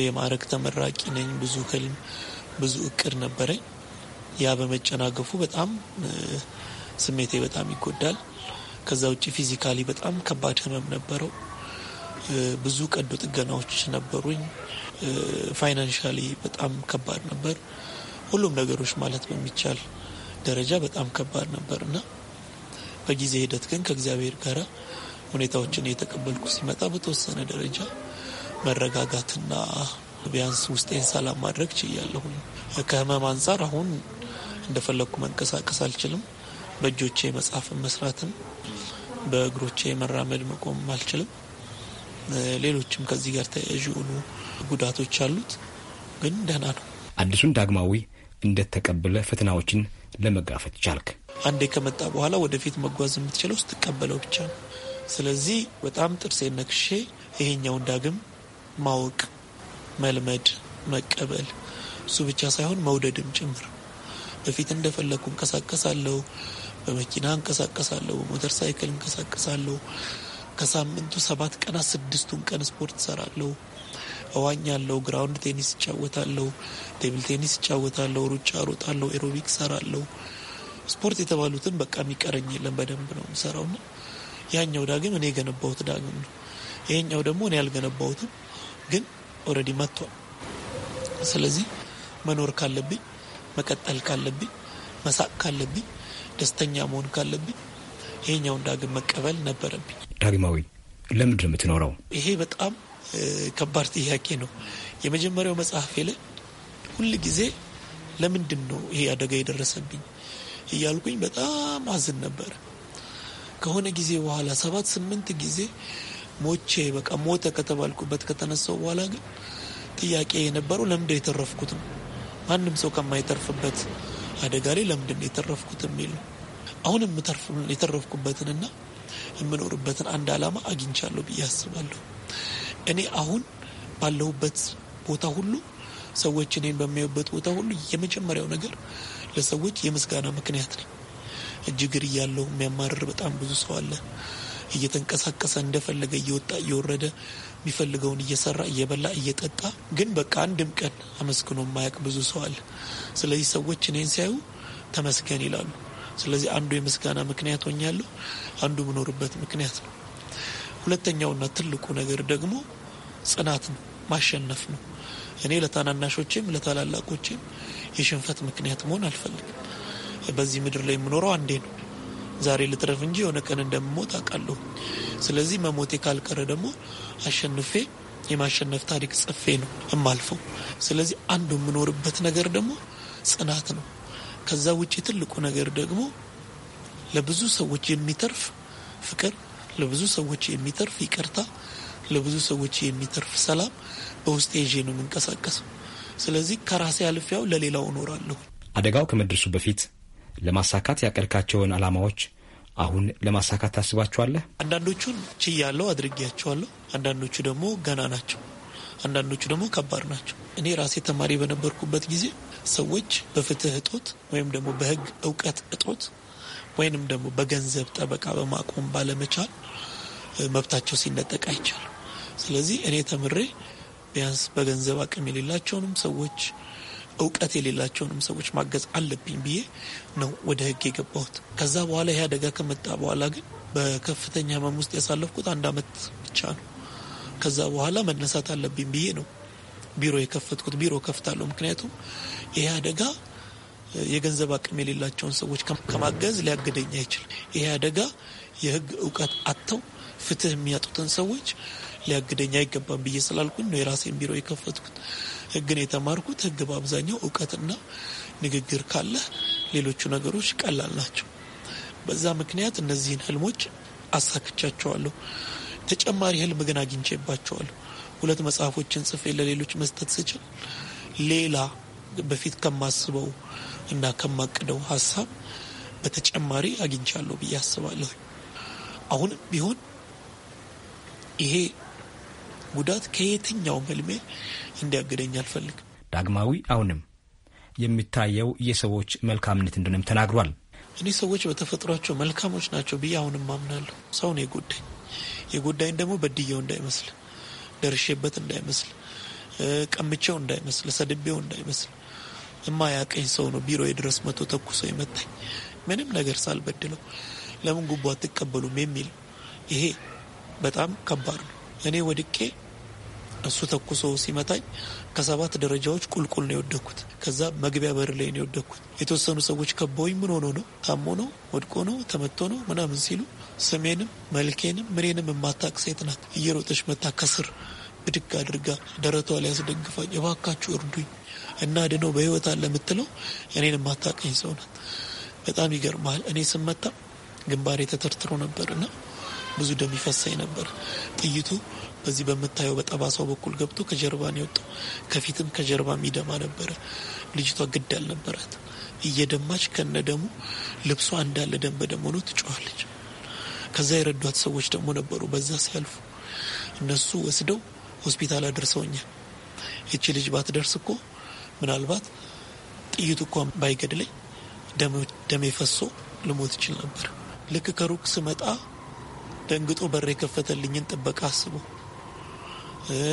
[SPEAKER 9] የማዕረግ ተመራቂ ነኝ። ብዙ ህልም፣ ብዙ እቅድ ነበረኝ። ያ በመጨናገፉ በጣም ስሜቴ በጣም ይጎዳል። ከዛ ውጭ ፊዚካሊ በጣም ከባድ ህመም ነበረው። ብዙ ቀዶ ጥገናዎች ነበሩኝ። ፋይናንሻሊ በጣም ከባድ ነበር። ሁሉም ነገሮች ማለት በሚቻል ደረጃ በጣም ከባድ ነበር እና በጊዜ ሂደት ግን ከእግዚአብሔር ጋር ሁኔታዎችን እየተቀበልኩ ሲመጣ በተወሰነ ደረጃ መረጋጋትና ቢያንስ ውስጤን ሰላም ማድረግ ችያለሁኝ። ከህመም አንጻር አሁን እንደፈለግኩ መንቀሳቀስ አልችልም። በእጆቼ መጻፍን መስራትን በእግሮቼ መራመድ መቆም አልችልም። ሌሎችም ከዚህ ጋር ተያያዥ የሆኑ ጉዳቶች አሉት፣
[SPEAKER 8] ግን ደህና ነው። አዲሱን ዳግማዊ እንደተቀበለ ተቀብለ ፈተናዎችን ለመጋፈት ቻልክ?
[SPEAKER 9] አንዴ ከመጣ በኋላ ወደፊት መጓዝ የምትችለው ስትቀበለው ብቻ ነው። ስለዚህ በጣም ጥርሴ ነክሼ ይሄኛውን ዳግም ማወቅ፣ መልመድ፣ መቀበል እሱ ብቻ ሳይሆን መውደድም ጭምር በፊት እንደፈለግኩ እንቀሳቀሳለሁ በመኪና እንቀሳቀሳለሁ፣ ሞተር ሳይክል እንቀሳቀሳለሁ። ከሳምንቱ ሰባት ቀናት ስድስቱን ቀን ስፖርት እሰራለሁ። እዋኛለሁ፣ ግራውንድ ቴኒስ እጫወታለሁ፣ ቴብል ቴኒስ እጫወታለሁ፣ ሩጫ ሮጣለሁ፣ ኤሮቢክ እሰራለሁ። ስፖርት የተባሉትን በቃ የሚቀረኝ የለም በደንብ ነው ና ያኛው ዳግም እኔ የገነባሁት ዳግም ነው። ይሄኛው ደግሞ እኔ ያልገነባሁትም ግን ኦልሬዲ መጥቷል። ስለዚህ መኖር ካለብኝ መቀጠል ካለብኝ መሳቅ ካለብኝ ደስተኛ መሆን ካለብኝ ይሄኛውን ዳግም መቀበል ነበረብኝ።
[SPEAKER 8] ዳግማዊ ለምንድን ነው የምትኖረው?
[SPEAKER 9] ይሄ በጣም ከባድ ጥያቄ ነው። የመጀመሪያው መጽሐፍ ላይ ሁል ጊዜ ለምንድን ነው ይሄ አደጋ የደረሰብኝ እያልኩኝ በጣም አዝን ነበር። ከሆነ ጊዜ በኋላ ሰባት ስምንት ጊዜ ሞቼ በቃ ሞተ ከተባልኩበት ከተነሳው በኋላ ግን ጥያቄ የነበረው ለምንድን የተረፍኩት ነው። ማንም ሰው ከማይተርፍበት አደጋ ላይ ለምንድን ነው የተረፍኩት የሚል ነው። አሁን የተረፍኩበትንና የምኖርበትን አንድ ዓላማ አግኝቻለሁ ብዬ አስባለሁ። እኔ አሁን ባለሁበት ቦታ ሁሉ ሰዎች እኔን በሚያዩበት ቦታ ሁሉ የመጀመሪያው ነገር ለሰዎች የምስጋና ምክንያት ነኝ። እጅግር እያለሁ የሚያማርር በጣም ብዙ ሰው አለ። እየተንቀሳቀሰ እንደፈለገ እየወጣ እየወረደ የሚፈልገውን እየሰራ እየበላ እየጠጣ ግን በቃ አንድም ቀን አመስግኖ የማያውቅ ብዙ ሰው አለ። ስለዚህ ሰዎች እኔን ሲያዩ ተመስገን ይላሉ። ስለዚህ አንዱ የምስጋና ምክንያት ሆኛለሁ። አንዱ ምኖርበት ምክንያት ነው። ሁለተኛውና ትልቁ ነገር ደግሞ ጽናት ነው፣ ማሸነፍ ነው። እኔ ለታናናሾችም ለታላላቆችም የሽንፈት ምክንያት መሆን አልፈልግም። በዚህ ምድር ላይ የምኖረው አንዴ ነው። ዛሬ ልትረፍ እንጂ የሆነ ቀን እንደምሞት አውቃለሁ። ስለዚህ መሞቴ ካልቀረ ደግሞ አሸንፌ የማሸነፍ ታሪክ ጽፌ ነው የማልፈው ስለዚህ አንዱ የምኖርበት ነገር ደግሞ ጽናት ነው። ከዛ ውጭ ትልቁ ነገር ደግሞ ለብዙ ሰዎች የሚተርፍ ፍቅር፣ ለብዙ ሰዎች የሚተርፍ ይቅርታ፣ ለብዙ ሰዎች የሚተርፍ ሰላም በውስጤ ይዤ ነው የምንቀሳቀሰው። ስለዚህ ከራሴ አልፊያው ለሌላው እኖራለሁ።
[SPEAKER 8] አደጋው ከመድረሱ በፊት ለማሳካት ያቀድካቸውን ዓላማዎች አሁን ለማሳካት ታስባቸዋለህ?
[SPEAKER 9] አንዳንዶቹን ችያለሁ፣ አድርጌያቸዋለሁ። አንዳንዶቹ ደግሞ ገና ናቸው። አንዳንዶቹ ደግሞ ከባድ ናቸው። እኔ ራሴ ተማሪ በነበርኩበት ጊዜ ሰዎች በፍትህ እጦት ወይም ደግሞ በህግ እውቀት እጦት ወይንም ደግሞ በገንዘብ ጠበቃ በማቆም ባለመቻል መብታቸው ሲነጠቅ አይቻልም። ስለዚህ እኔ ተምሬ ቢያንስ በገንዘብ አቅም የሌላቸውንም ሰዎች እውቀት የሌላቸውንም ሰዎች ማገዝ አለብኝ ብዬ ነው ወደ ህግ የገባሁት። ከዛ በኋላ ይህ አደጋ ከመጣ በኋላ ግን በከፍተኛ ህመም ውስጥ ያሳለፍኩት አንድ አመት ብቻ ነው። ከዛ በኋላ መነሳት አለብኝ ብዬ ነው ቢሮ የከፈትኩት። ቢሮ ከፍታለሁ። ምክንያቱም ይህ አደጋ የገንዘብ አቅም የሌላቸውን ሰዎች ከማገዝ ሊያግደኝ አይችልም። ይሄ አደጋ የህግ እውቀት አጥተው ፍትህ የሚያጡትን ሰዎች ሊያግደኝ አይገባም ብዬ ስላልኩኝ ነው የራሴን ቢሮ የከፈትኩት። ህግን የተማርኩት ህግ በአብዛኛው እውቀትና ንግግር ካለ ሌሎቹ ነገሮች ቀላል ናቸው። በዛ ምክንያት እነዚህን ህልሞች አሳክቻቸዋለሁ። ተጨማሪ ህልም ግን አግኝቼባቸዋለሁ። ሁለት መጽሐፎችን ጽፌ ለሌሎች መስጠት ስችል ሌላ በፊት ከማስበው እና ከማቅደው ሀሳብ በተጨማሪ አግኝቻለሁ ብዬ አስባለሁ። አሁንም ቢሆን ይሄ ጉዳት ከየትኛውም ህልሜ እንዲያገደኝ
[SPEAKER 8] አልፈልግም። ዳግማዊ አሁንም የሚታየው የሰዎች መልካምነት እንደሆነም ተናግሯል። እኔ ሰዎች በተፈጥሯቸው መልካሞች ናቸው ብዬ አሁንም አምናለሁ ሰውን የጎዳኝ
[SPEAKER 9] የጎዳይን ደግሞ በድየው እንዳይመስል፣ ደርሼበት እንዳይመስል፣ ቀምቼው እንዳይመስል፣ ሰድቤው እንዳይመስል የማያቀኝ ሰው ነው ቢሮ የድረስ መቶ ተኩሶ የመታኝ ምንም ነገር ሳልበድለው ለምን ጉቦ አትቀበሉም የሚል ይሄ በጣም ከባድ ነው። እኔ ወድቄ እሱ ተኩሶ ሲመታኝ ከሰባት ደረጃዎች ቁልቁል ነው የወደኩት። ከዛ መግቢያ በር ላይ ነው የወደኩት። የተወሰኑ ሰዎች ከበውኝ ምን ሆኖ ነው ታሞ ነው ወድቆ ነው ተመቶ ነው ምናምን ሲሉ ስሜንም መልኬንም ምኔንም የማታቅ ሴት ናት እየሮጠች መታ ከስር ብድግ አድርጋ ደረቷ ላይ ያስደግፋኝ፣ እባካችሁ እርዱኝ እና ድነው በህይወት አለ የምትለው እኔን የማታቀኝ ሰው ናት። በጣም ይገርማል። እኔ ስመታ ግንባሬ ተተርትሮ ነበር እና ብዙ ደም ይፈሳኝ ነበር። ጥይቱ በዚህ በምታየው በጠባሳው በኩል ገብቶ ከጀርባን የወጣው ከፊትም ከጀርባ የሚደማ ነበረ። ልጅቷ ግድ አልነበራት። እየደማች ከነ ደሙ ልብሷ እንዳለ ደም በደም ሆኖ ትጮኋለች። ከዛ የረዷት ሰዎች ደግሞ ነበሩ በዛ ሲያልፉ እነሱ ወስደው ሆስፒታል አደርሰውኛል። ይቺ ልጅ ባትደርስ እኮ ምናልባት ጥይት እኳ ባይገድለኝ ደሜ ፈሶ ልሞት ይችል ነበር። ልክ ከሩቅ ስመጣ ደንግጦ በር የከፈተልኝን ጥበቃ አስቦ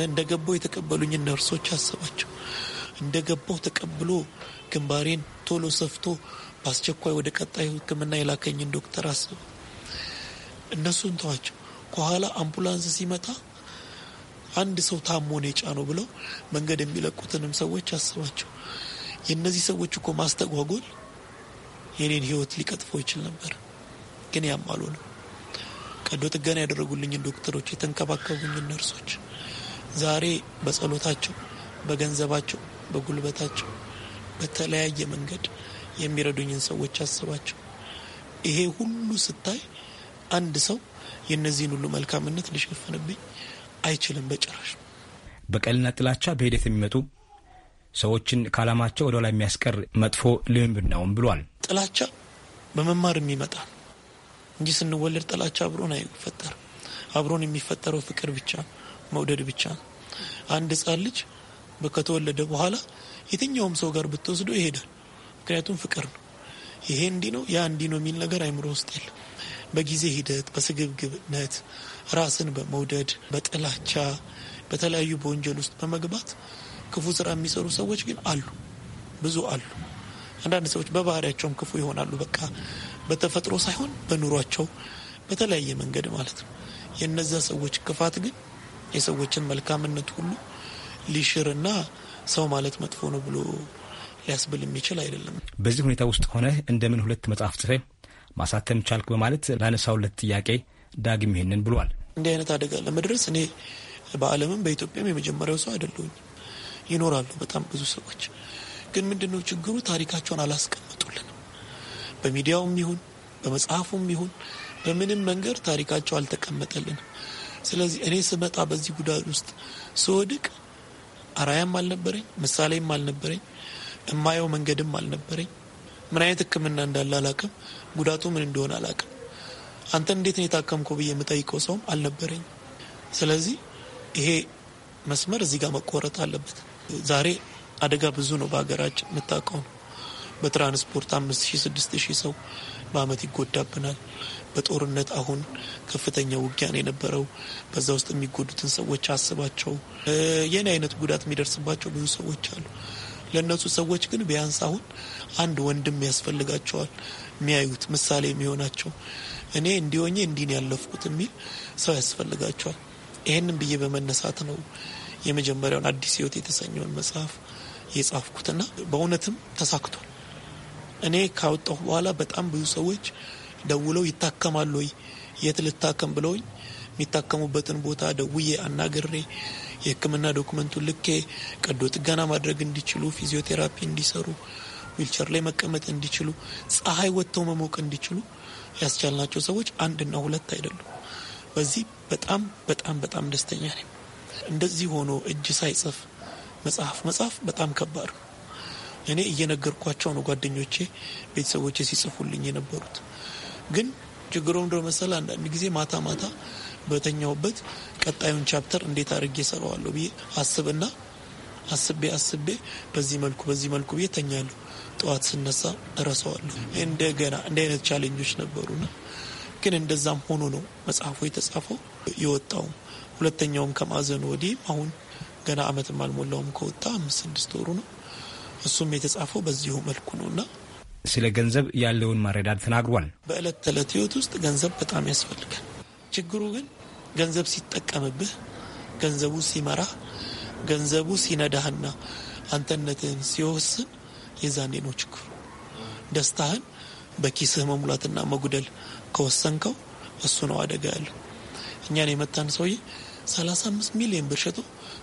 [SPEAKER 9] እንደገባው የተቀበሉኝን ነርሶች አሰባቸው። እንደገባው ተቀብሎ ግንባሬን ቶሎ ሰፍቶ በአስቸኳይ ወደ ቀጣይ ሕክምና የላከኝን ዶክተር አስበው እነሱን ተዋቸው። ከኋላ አምቡላንስ ሲመጣ አንድ ሰው ታሞ ነው የጫነው ብለው መንገድ የሚለቁትንም ሰዎች አስባቸው። የእነዚህ ሰዎች እኮ ማስተጓጎል የኔን ህይወት ሊቀጥፈው ይችል ነበር፣ ግን ያም አልሆነም። ቀዶ ጥገና ያደረጉልኝን ዶክተሮች፣ የተንከባከቡኝ ነርሶች ዛሬ በጸሎታቸው፣ በገንዘባቸው፣ በጉልበታቸው በተለያየ መንገድ የሚረዱኝን ሰዎች አስባቸው። ይሄ ሁሉ ስታይ አንድ ሰው የእነዚህን ሁሉ መልካምነት ሊሸፍንብኝ አይችልም በጭራሽ።
[SPEAKER 8] በቀልና ጥላቻ በሂደት የሚመጡ ሰዎችን ከዓላማቸው ወደ ኋላ የሚያስቀር መጥፎ ልምምድ ነውም ብሏል። ጥላቻ በመማር የሚመጣ እንጂ ስንወለድ ጥላቻ አብሮን አይፈጠር
[SPEAKER 9] አብሮን የሚፈጠረው ፍቅር ብቻ ነው። መውደድ ብቻ ነው። አንድ ህጻን ልጅ ከተወለደ በኋላ የትኛውም ሰው ጋር ብትወስዶ ይሄዳል። ምክንያቱም ፍቅር ነው። ይሄ እንዲ ነው፣ ያ እንዲ ነው የሚል ነገር አይምሮ ውስጥ የለም። በጊዜ ሂደት በስግብግብነት ራስን በመውደድ በጥላቻ በተለያዩ በወንጀል ውስጥ በመግባት ክፉ ስራ የሚሰሩ ሰዎች ግን አሉ፣ ብዙ አሉ። አንዳንድ ሰዎች በባህሪያቸውም ክፉ ይሆናሉ። በቃ በተፈጥሮ ሳይሆን በኑሯቸው በተለያየ መንገድ ማለት ነው። የነዛ ሰዎች ክፋት ግን የሰዎችን መልካምነት ሁሉ ሊሽርና ሰው ማለት መጥፎ ነው ብሎ ሊያስብል የሚችል አይደለም።
[SPEAKER 8] በዚህ ሁኔታ ውስጥ ሆነ እንደምን ሁለት መጽሐፍ ጽፌ ማሳተም ቻልክ በማለት ላነሳውለት ጥያቄ ዳግም ይሄንን ብሏል።
[SPEAKER 9] እንዲህ አይነት አደጋ ለመድረስ እኔ በዓለምም በኢትዮጵያም የመጀመሪያው ሰው አይደለሁኝ። ይኖራሉ በጣም ብዙ ሰዎች። ግን ምንድነው ችግሩ? ታሪካቸውን አላስቀምጡልንም። በሚዲያውም ይሁን በመጽሐፉም ይሁን በምንም መንገድ ታሪካቸው አልተቀመጠልንም። ስለዚህ እኔ ስመጣ በዚህ ጉዳት ውስጥ ስወድቅ አራያም አልነበረኝ፣ ምሳሌም አልነበረኝ፣ እማየው መንገድም አልነበረኝ። ምን አይነት ሕክምና እንዳለ አላቅም፣ ጉዳቱ ምን እንደሆነ አላቅም። አንተ እንዴት ነው የታከምከው ብዬ የምጠይቀው ሰውም አልነበረኝ። ስለዚህ ይሄ መስመር እዚህ ጋር መቆረጥ አለበት። ዛሬ አደጋ ብዙ ነው በሀገራችን የምታውቀው ነው። በትራንስፖርት አምስት ሺህ ስድስት ሺህ ሰው በአመት ይጎዳብናል። በጦርነት አሁን ከፍተኛ ውጊያ ነው የነበረው። በዛ ውስጥ የሚጎዱትን ሰዎች አስባቸው። የኔ አይነት ጉዳት የሚደርስባቸው ብዙ ሰዎች አሉ። ለእነሱ ሰዎች ግን ቢያንስ አሁን አንድ ወንድም ያስፈልጋቸዋል። የሚያዩት ምሳሌ የሚሆናቸው እኔ እንዲሆኜ እንዲህ ነው ያለፍኩት የሚል ሰው ያስፈልጋቸዋል። ይህንም ብዬ በመነሳት ነው የመጀመሪያውን አዲስ ህይወት የተሰኘውን መጽሐፍ የጻፍኩትና በእውነትም ተሳክቷል። እኔ ካወጣሁ በኋላ በጣም ብዙ ሰዎች ደውለው ይታከማሉ ወይ የት ልታከም ብለውኝ የሚታከሙበትን ቦታ ደውዬ አናግሬ የህክምና ዶክመንቱን ልኬ ቀዶ ጥገና ማድረግ እንዲችሉ፣ ፊዚዮቴራፒ እንዲሰሩ፣ ዊልቸር ላይ መቀመጥ እንዲችሉ፣ ፀሐይ ወጥተው መሞቅ እንዲችሉ ያስቻልናቸው ሰዎች አንድና ሁለት አይደሉም። በዚህ በጣም በጣም በጣም ደስተኛ ነኝ። እንደዚህ ሆኖ እጅ ሳይጽፍ መጽሐፍ መጽሐፍ በጣም ከባድ ነው። እኔ እየነገርኳቸው ነው ጓደኞቼ፣ ቤተሰቦቼ ሲጽፉልኝ የነበሩት። ግን ችግሩ ምንድነው መሰል አንዳንድ ጊዜ ማታ ማታ በተኛውበት ቀጣዩን ቻፕተር እንዴት አድርጌ ሰራዋለሁ ብዬ አስብና አስቤ አስቤ በዚህ መልኩ በዚህ መልኩ ብዬ ተኛለሁ። ጠዋት ስነሳ እረሰዋለሁ እንደገና እንደ አይነት ቻሌንጆች ነበሩና ግን እንደዛም ሆኖ ነው መጽሐፉ የተጻፈው የወጣውም። ሁለተኛውም ከማዘኑ ወዲህም አሁን ገና አመትም አልሞላውም ከወጣ አምስት ስድስት ወሩ ነው። እሱም የተጻፈው በዚሁ መልኩ ነው እና
[SPEAKER 8] ስለ ገንዘብ ያለውን መረዳት ተናግሯል።
[SPEAKER 9] በዕለት ተዕለት ህይወት ውስጥ ገንዘብ በጣም ያስፈልጋል። ችግሩ ግን ገንዘብ ሲጠቀምብህ፣ ገንዘቡ ሲመራ፣ ገንዘቡ ሲነዳህና አንተነትህን ሲወስን የዛኔ ነው ችግሩ። ደስታህን በኪስህ መሙላትና መጉደል ከወሰንከው እሱ ነው አደጋ ያለው። እኛን የመታን ሰውዬ 35 ሚሊዮን ብር ሸጦ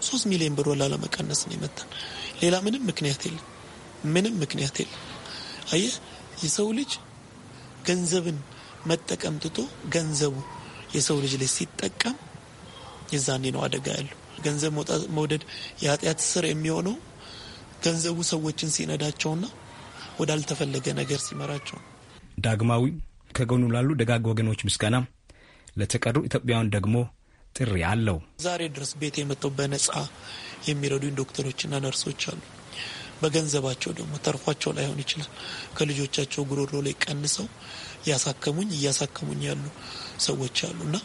[SPEAKER 9] 3 ሚሊዮን ብር ወላ ለመቀነስ ነው የመታን። ሌላ ምንም ምክንያት የለም። ምንም ምክንያት የለም። አየህ የሰው ልጅ ገንዘብን መጠቀም ትቶ ገንዘቡ የሰው ልጅ ላይ ሲጠቀም የዛኔ ነው አደጋ ያለው። ገንዘብ መውደድ የኃጢአት ስር የሚሆነው ገንዘቡ ሰዎችን ሲነዳቸውና ወዳልተፈለገ ነገር ሲመራቸው።
[SPEAKER 8] ዳግማዊ ከጎኑ ላሉ ደጋግ ወገኖች ምስጋና፣ ለተቀሩ ኢትዮጵያውያን ደግሞ ጥሪ አለው።
[SPEAKER 9] ዛሬ ድረስ ቤት የመጣው በነጻ የሚረዱኝ ዶክተሮችና ነርሶች አሉ። በገንዘባቸው ደግሞ ተርፏቸው ላይሆን ይችላል። ከልጆቻቸው ጉሮሮ ላይ ቀንሰው እያሳከሙኝ እያሳከሙኝ ያሉ ሰዎች አሉ እና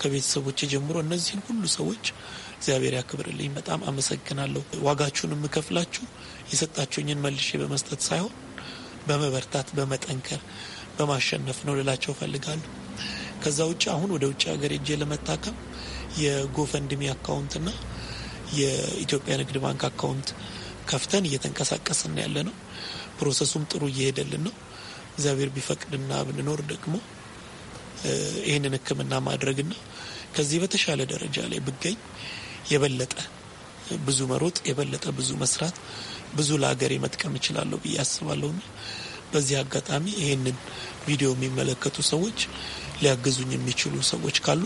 [SPEAKER 9] ከቤተሰቦች ጀምሮ እነዚህን ሁሉ ሰዎች እግዚአብሔር ያክብርልኝ። በጣም አመሰግናለሁ። ዋጋችሁን የምከፍላችሁ የሰጣችሁኝን መልሼ በመስጠት ሳይሆን በመበርታት በመጠንከር፣ በማሸነፍ ነው ልላቸው ፈልጋሉ ከዛ ውጭ አሁን ወደ ውጭ ሀገር እጄ ለመታከም የጎፈንድሚ አካውንትና የኢትዮጵያ ንግድ ባንክ አካውንት ከፍተን እየተንቀሳቀስን ያለ ነው። ፕሮሰሱም ጥሩ እየሄደልን ነው። እግዚአብሔር ቢፈቅድና ብንኖር ደግሞ ይህንን ሕክምና ማድረግና ከዚህ በተሻለ ደረጃ ላይ ብገኝ የበለጠ ብዙ መሮጥ፣ የበለጠ ብዙ መስራት፣ ብዙ ለሀገር መጥቀም እችላለሁ ብዬ አስባለሁና በዚህ አጋጣሚ ይህንን ቪዲዮ የሚመለከቱ ሰዎች ሊያግዙኝ የሚችሉ ሰዎች ካሉ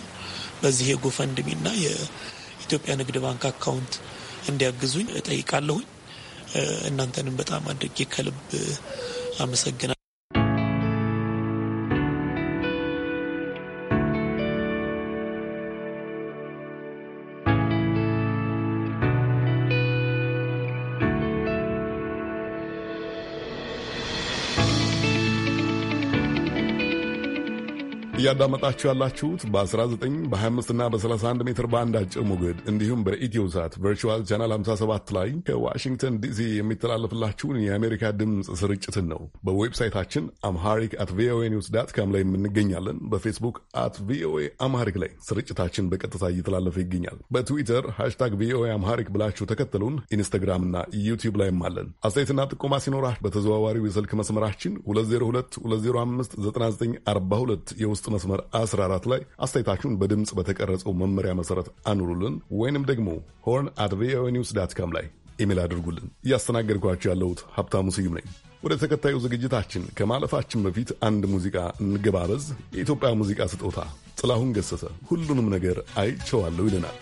[SPEAKER 9] በዚህ የጎፈንድሚና የኢትዮጵያ ንግድ ባንክ አካውንት እንዲያግዙኝ እጠይቃለሁኝ። እናንተንም በጣም አድርጌ ከልብ አመሰግናል።
[SPEAKER 1] እያዳመጣችሁ ያላችሁት በ19 በ25 እና በ31 ሜትር ባንድ አጭር ሞገድ እንዲሁም በኢትዮ ሳት ቨርቹዋል ቻናል 57 ላይ ከዋሽንግተን ዲሲ የሚተላለፍላችሁን የአሜሪካ ድምፅ ስርጭትን ነው። በዌብሳይታችን አምሃሪክ አት ቪኦኤ ኒውስ ዳት ካም ላይ የምንገኛለን። በፌስቡክ አት ቪኦኤ አምሃሪክ ላይ ስርጭታችን በቀጥታ እየተላለፈ ይገኛል። በትዊተር ሃሽታግ ቪኦኤ አምሃሪክ ብላችሁ ተከተሉን። ኢንስታግራምና ዩቲዩብ ላይም አለን። አስተያየትና ጥቆማ ሲኖራ በተዘዋዋሪው የስልክ መስመራችን 202 205 9942 የውስጥ መስመር 14 ላይ አስተያየታችሁን በድምፅ በተቀረጸው መመሪያ መሰረት አኑሩልን ወይንም ደግሞ ሆርን አት ቪኦኤ ኒውስ ዳት ካም ላይ ኢሜል አድርጉልን። እያስተናገድኳችሁ ያለሁት ሀብታሙ ስዩም ነኝ። ወደ ተከታዩ ዝግጅታችን ከማለፋችን በፊት አንድ ሙዚቃ እንገባበዝ። የኢትዮጵያ ሙዚቃ ስጦታ ጥላሁን ገሰሰ ሁሉንም ነገር አይቸዋለሁ ይለናል።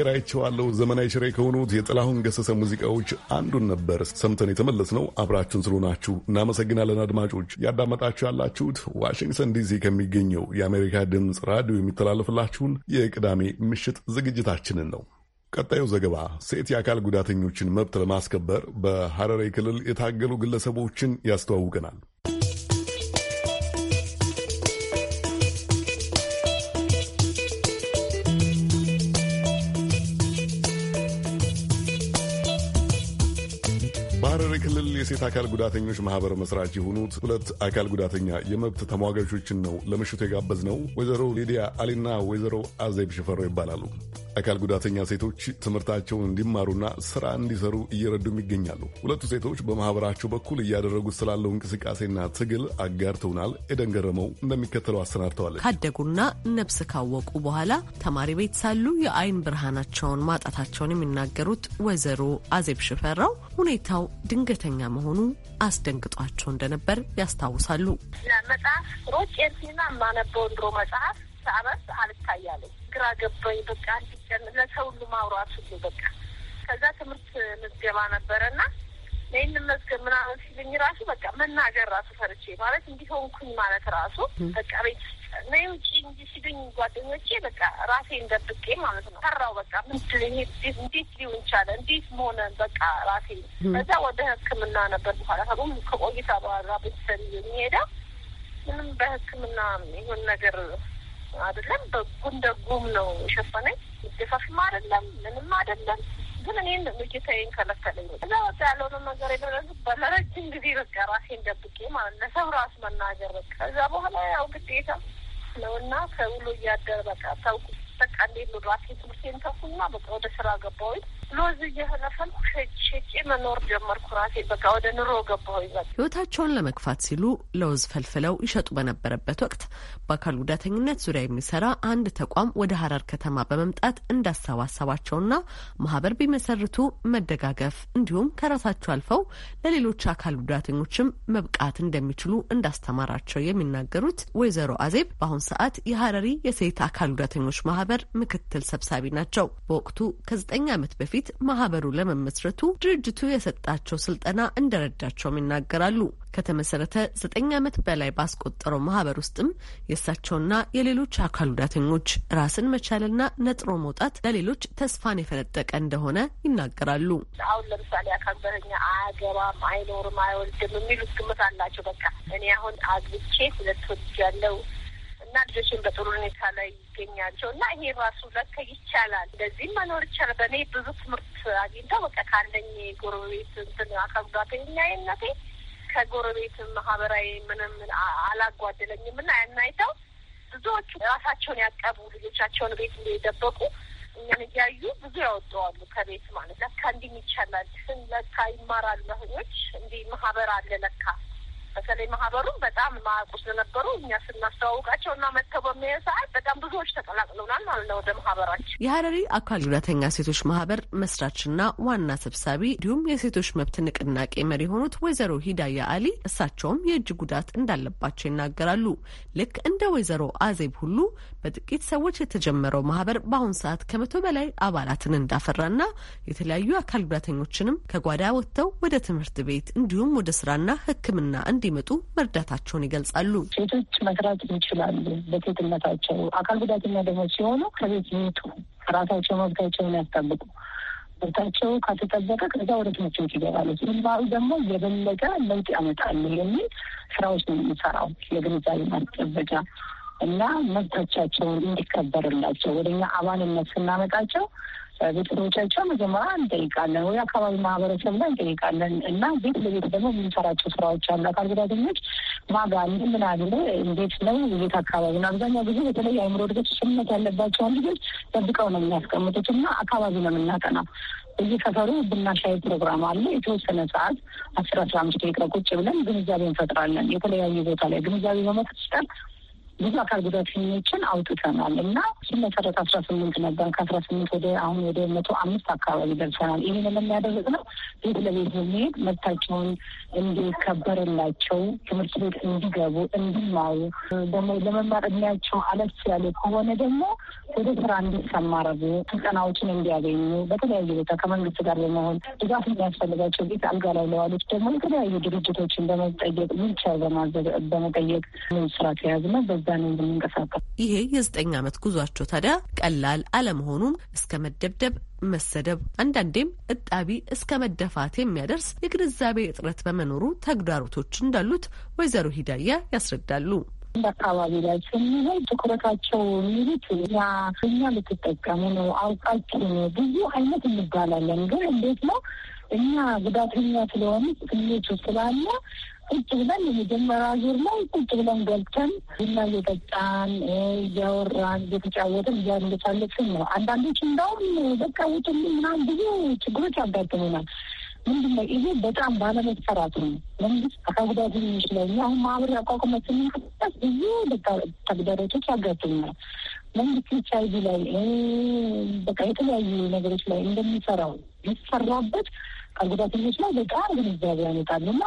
[SPEAKER 1] ነገር አይቼዋለሁ ዘመናዊ ሽሬ ከሆኑት የጥላሁን ገሰሰ ሙዚቃዎች አንዱን ነበር ሰምተን የተመለስ ነው። አብራችሁን ስለሆናችሁ እናመሰግናለን። አድማጮች ያዳመጣችሁ ያላችሁት ዋሽንግተን ዲሲ ከሚገኘው የአሜሪካ ድምፅ ራዲዮ የሚተላለፍላችሁን የቅዳሜ ምሽት ዝግጅታችንን ነው። ቀጣዩ ዘገባ ሴት የአካል ጉዳተኞችን መብት ለማስከበር በሐረሬ ክልል የታገሉ ግለሰቦችን ያስተዋውቀናል። የሴት አካል ጉዳተኞች ማህበር መስራች የሆኑት ሁለት አካል ጉዳተኛ የመብት ተሟጋቾችን ነው ለምሽቱ የጋበዝ ነው። ወይዘሮ ሊዲያ አሊና ወይዘሮ አዜብ ሽፈሮ ይባላሉ። አካል ጉዳተኛ ሴቶች ትምህርታቸውን እንዲማሩና ስራ እንዲሰሩ እየረዱም ይገኛሉ። ሁለቱ ሴቶች በማህበራቸው በኩል እያደረጉት ስላለው እንቅስቃሴና ትግል አጋርተውናል። ኤደን ገረመው እንደሚከተለው አሰናድተዋለች።
[SPEAKER 7] ካደጉና ነብስ ካወቁ በኋላ ተማሪ ቤት ሳሉ የአይን ብርሃናቸውን ማጣታቸውን የሚናገሩት ወይዘሮ አዜብ ሽፈራው ሁኔታው ድንገተኛ መሆኑ አስደንግጧቸው እንደነበር ያስታውሳሉ።
[SPEAKER 4] መጽሐፍ ሮጭ ሲና ማነበው ድሮ መጽሐፍ ሳረስ አልታያለኝ ግራ ገባኝ። በቃ እንዲጨን ለሰው ሁሉ ማውራት ሁሉ በቃ ከዛ ትምህርት ምዝገባ ነበረ ነበረና ይህን መዝገብ ምናምን ሲልኝ ራሱ በቃ መናገር ራሱ ፈርቼ ማለት እንዲሆንኩኝ ማለት ራሱ በቃ ቤት ውስጥ ነይ ውጪ እንጂ ሲሉኝ ጓደኞቼ በቃ ራሴን ደብቄ ማለት ነው ፈራው። በቃ ምንድን ይሄ እንዴት ሊሆን ቻለ? እንዴት መሆነ? በቃ ራሴን ከዛ ወደ ሕክምና ነበር በኋላ ከቆም ከቆይታ በኋላ ቤተሰብ የሚሄደው ምንም በሕክምና ይሁን ነገር አይደለም። በጉም ደጉም ነው የሸፈነኝ። ደፋሽማ አይደለም ምንም አይደለም። ግን እኔን ጌታዬን ከለከለኝ። እዛ በቃ ያለሆነ ነገር የደረሱ በለረጅም ጊዜ በቃ ራሴን ደብቄ ማለት ለሰው ራስ መናገር በቃ እዛ በኋላ ያው ግዴታ ነው እና ከውሎ እያደረ በቃ ታውቁ በቃ እንዴት ነው ራሴ ትምህርቴን ተኩና በቃ ወደ ስራ ገባሁኝ። ሎዝ እየፈለፈልኩ ሸጬ መኖር ጀመርኩ። ራሴ በቃ ወደ ኑሮ ገባሁ ይዛል።
[SPEAKER 7] ህይወታቸውን ለመግፋት ሲሉ ለውዝ ፈልፍለው ይሸጡ በነበረበት ወቅት በአካል ጉዳተኝነት ዙሪያ የሚሰራ አንድ ተቋም ወደ ሀረር ከተማ በመምጣት እንዳሰባሰባቸውና ማህበር ቢመሰርቱ መደጋገፍ እንዲሁም ከራሳቸው አልፈው ለሌሎች አካል ጉዳተኞችም መብቃት እንደሚችሉ እንዳስተማራቸው የሚናገሩት ወይዘሮ አዜብ በአሁን ሰዓት የሀረሪ የሴት አካል ጉዳተኞች ማህበር ምክትል ሰብሳቢ ናቸው። በወቅቱ ከዘጠኝ ዓመት በፊት በፊት ማህበሩ ለመመስረቱ ድርጅቱ የሰጣቸው ስልጠና እንደረዳቸውም ይናገራሉ። ከተመሰረተ ዘጠኝ ዓመት በላይ ባስቆጠረው ማህበር ውስጥም የእሳቸውና የሌሎች አካል ጉዳተኞች ራስን መቻልና ነጥሮ መውጣት ለሌሎች ተስፋን የፈነጠቀ እንደሆነ ይናገራሉ።
[SPEAKER 4] አሁን ለምሳሌ አካል ጉዳተኛ አያገባም፣ አይኖርም፣ አይወልድም የሚሉት ግምት አላቸው። በቃ እኔ አሁን አግብቼ ሁለት ወልጃለሁ እና ልጆችን በጥሩ ሁኔታ ላይ ይገኛቸው እና ይሄ ራሱ ለካ ይቻላል፣ እንደዚህም መኖር ይቻላል። በእኔ ብዙ ትምህርት አግኝተው በቃ ከአንደኝ ጎረቤት እንትን አካል ጉዳተኛነቴ ከጎረቤት ማህበራዊ ምንም አላጓደለኝም እና ያናይተው ብዙዎቹ ራሳቸውን ያቀቡ ልጆቻቸውን ቤት እንደደበቁ እኛን እያዩ ብዙ ያወጠዋሉ ከቤት ማለት ለካ እንዲህ ይቻላል፣ ለካ ይማራል ህኞች እንዲህ ማህበር አለ ለካ በተለይ ማህበሩን በጣም ማያውቁ ስለነበሩ እኛ ስናስተዋውቃቸው እና መጥተው በሚያ ሰዓት በጣም ብዙዎች ተቀላቅለውናል ማለት ነው ወደ ማህበራችን።
[SPEAKER 7] የሀረሪ አካል ጉዳተኛ ሴቶች ማህበር መስራችና ዋና ሰብሳቢ እንዲሁም የሴቶች መብት ንቅናቄ መሪ የሆኑት ወይዘሮ ሂዳያ አሊ እሳቸውም የእጅ ጉዳት እንዳለባቸው ይናገራሉ። ልክ እንደ ወይዘሮ አዜብ ሁሉ በጥቂት ሰዎች የተጀመረው ማህበር በአሁኑ ሰዓት ከመቶ በላይ አባላትን እንዳፈራና የተለያዩ አካል ጉዳተኞችንም ከጓዳ ወጥተው ወደ ትምህርት ቤት እንዲሁም ወደ ስራና ሕክምና እንዲመጡ መርዳታቸውን ይገልጻሉ። ሴቶች መስራት ይችላሉ። በሴትነታቸው አካል ጉዳተኛ ደግሞ ሲሆኑ ከቤት ይውጡ፣
[SPEAKER 4] ራሳቸው መብታቸውን ያስጠብቁ መብታቸው ከተጠበቀ ከዛ ወደ ትምህርት ቤት ይገባሉ። ግንባሩ ደግሞ የበለጠ ለውጥ ያመጣሉ የሚል ስራዎች ነው የሚሰራው የግንዛቤ ማስጨበጫ እና መብቶቻቸው እንዲከበርላቸው ወደኛ አባልነት ስናመጣቸው ቤተሰቦቻቸው መጀመሪያ እንጠይቃለን፣ ወይ አካባቢ ማህበረሰብ ላይ እንጠይቃለን እና ቤት ለቤት ደግሞ የምንሰራቸው ስራዎች አሉ። አካል ጉዳተኞች ማጋ ምን እንዴት ነው ቤት ነው። አብዛኛው ጊዜ በተለይ አይምሮ እድገት ውስንነት ያለባቸውን ልጆች ጠብቀው ነው የሚያስቀምጡት እና አካባቢ ነው የምናጠናው። እዚህ ከፈሩ ብናሻይ ፕሮግራም አለ። የተወሰነ ሰዓት አስር አስራ አምስት ደቂቃ ቁጭ ብለን ግንዛቤ እንፈጥራለን። የተለያዩ ቦታ ላይ ግንዛቤ በመፍጠር ብዙ አካል ጉዳተኞችን አውጥተናል እና መሰረት አስራ ስምንት ነበር። ከአስራ ስምንት ወደ አሁን ወደ መቶ አምስት አካባቢ ደርሰናል። ይህንን ነው ቤት ለቤት በመሄድ መብታቸውን እንዲከበርላቸው፣ ትምህርት ቤት እንዲገቡ፣ እንዲማሩ ደግሞ ለመማር እድሜያቸው አለፍ ያለ ከሆነ ደግሞ ወደ ስራ እንዲሰማረቡ ስልጠናዎችን እንዲያገኙ በተለያየ ቦታ ከመንግስት ጋር በመሆን ድጋፍ የሚያስፈልጋቸው ቤት አልጋ ላይ ለዋሉት ደግሞ የተለያዩ ድርጅቶችን በመጠየቅ ሚልቻ በመጠየቅ ስራ
[SPEAKER 7] ተያዝነ በዛ ነው የምንንቀሳቀስ። ይሄ የዘጠኝ ዓመት ጉዟቸው ታዲያ ቀላል አለመሆኑን እስከ መደብደብ መሰደብ አንዳንዴም እጣቢ እስከ መደፋት የሚያደርስ የግንዛቤ እጥረት በመኖሩ ተግዳሮቶች እንዳሉት ወይዘሮ ሂዳያ ያስረዳሉ። እንደ አካባቢ ላይ ስንሆን ትኩረታቸው የሚሉት ያ እኛ ልትጠቀሙ ነው
[SPEAKER 4] አውቃችሁ ነው ብዙ አይነት እንባላለን። ግን እንዴት ነው እኛ ጉዳተኛ ስለሆኑ ስሜቱ ስላለ ቁጭ ብለን የመጀመሪያ ዙር ላይ ቁጭ ብለን ገብተን ቡና እየጠጣን እያወራን እየተጫወትን እያንገቻለችን ነው። አንዳንዶች እንዳውም በቃ ውጡልኝ ምናምን ብዙ ችግሮች ያጋጥሙናል። ምንድነው ይሄ በጣም ባለመሰራቱ ነው። መንግስት አካጉዳት ይችላል። አሁን ማህበር ያቋቁመት ስንንቀሳቀስ ብዙ ተግዳሮቶች ያጋጥሙናል። መንግስት ኤች አይቪ ላይ በቃ የተለያዩ ነገሮች ላይ እንደሚሰራው ሊሰራበት ከጉዳተኞች ላይ በጣም ግንዛቤ ያመጣልና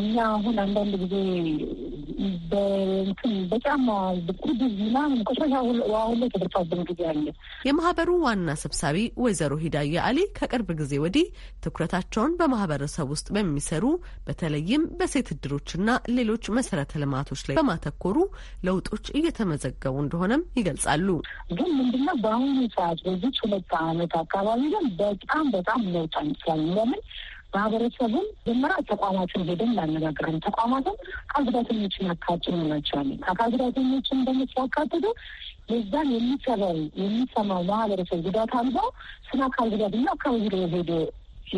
[SPEAKER 4] እኛ አሁን አንዳንድ ጊዜ
[SPEAKER 7] በጫማ ቁድ ምናምን ቆሻሻ አሁን ላይ ተደርፋብን ጊዜ አለ። የማህበሩ ዋና ሰብሳቢ ወይዘሮ ሂዳያ አሊ ከቅርብ ጊዜ ወዲህ ትኩረታቸውን በማህበረሰብ ውስጥ በሚሰሩ በተለይም በሴት እድሮችና ሌሎች መሰረተ ልማቶች ላይ በማተኮሩ ለውጦች እየተመዘገቡ እንደሆነም ይገልጻሉ። ግን ምንድነው በአሁኑ ሰዓት በዚች ሁለት አመት አካባቢ ግን በጣም በጣም ለውጥ አንችላለን ለምን ማህበረሰቡን
[SPEAKER 4] መጀመሪያ ተቋማትን ሄደን እናነጋግራለን። ተቋማትን አካል ጉዳተኞችን ያካትሉ ናቸዋለን። አካል ጉዳተኞችን እንደምች ያካትቱ የዛን የሚሰራው የሚሰማው ማህበረሰብ ጉዳት አልባው ስለ አካል ጉዳተኛ አካባቢ ሄዶ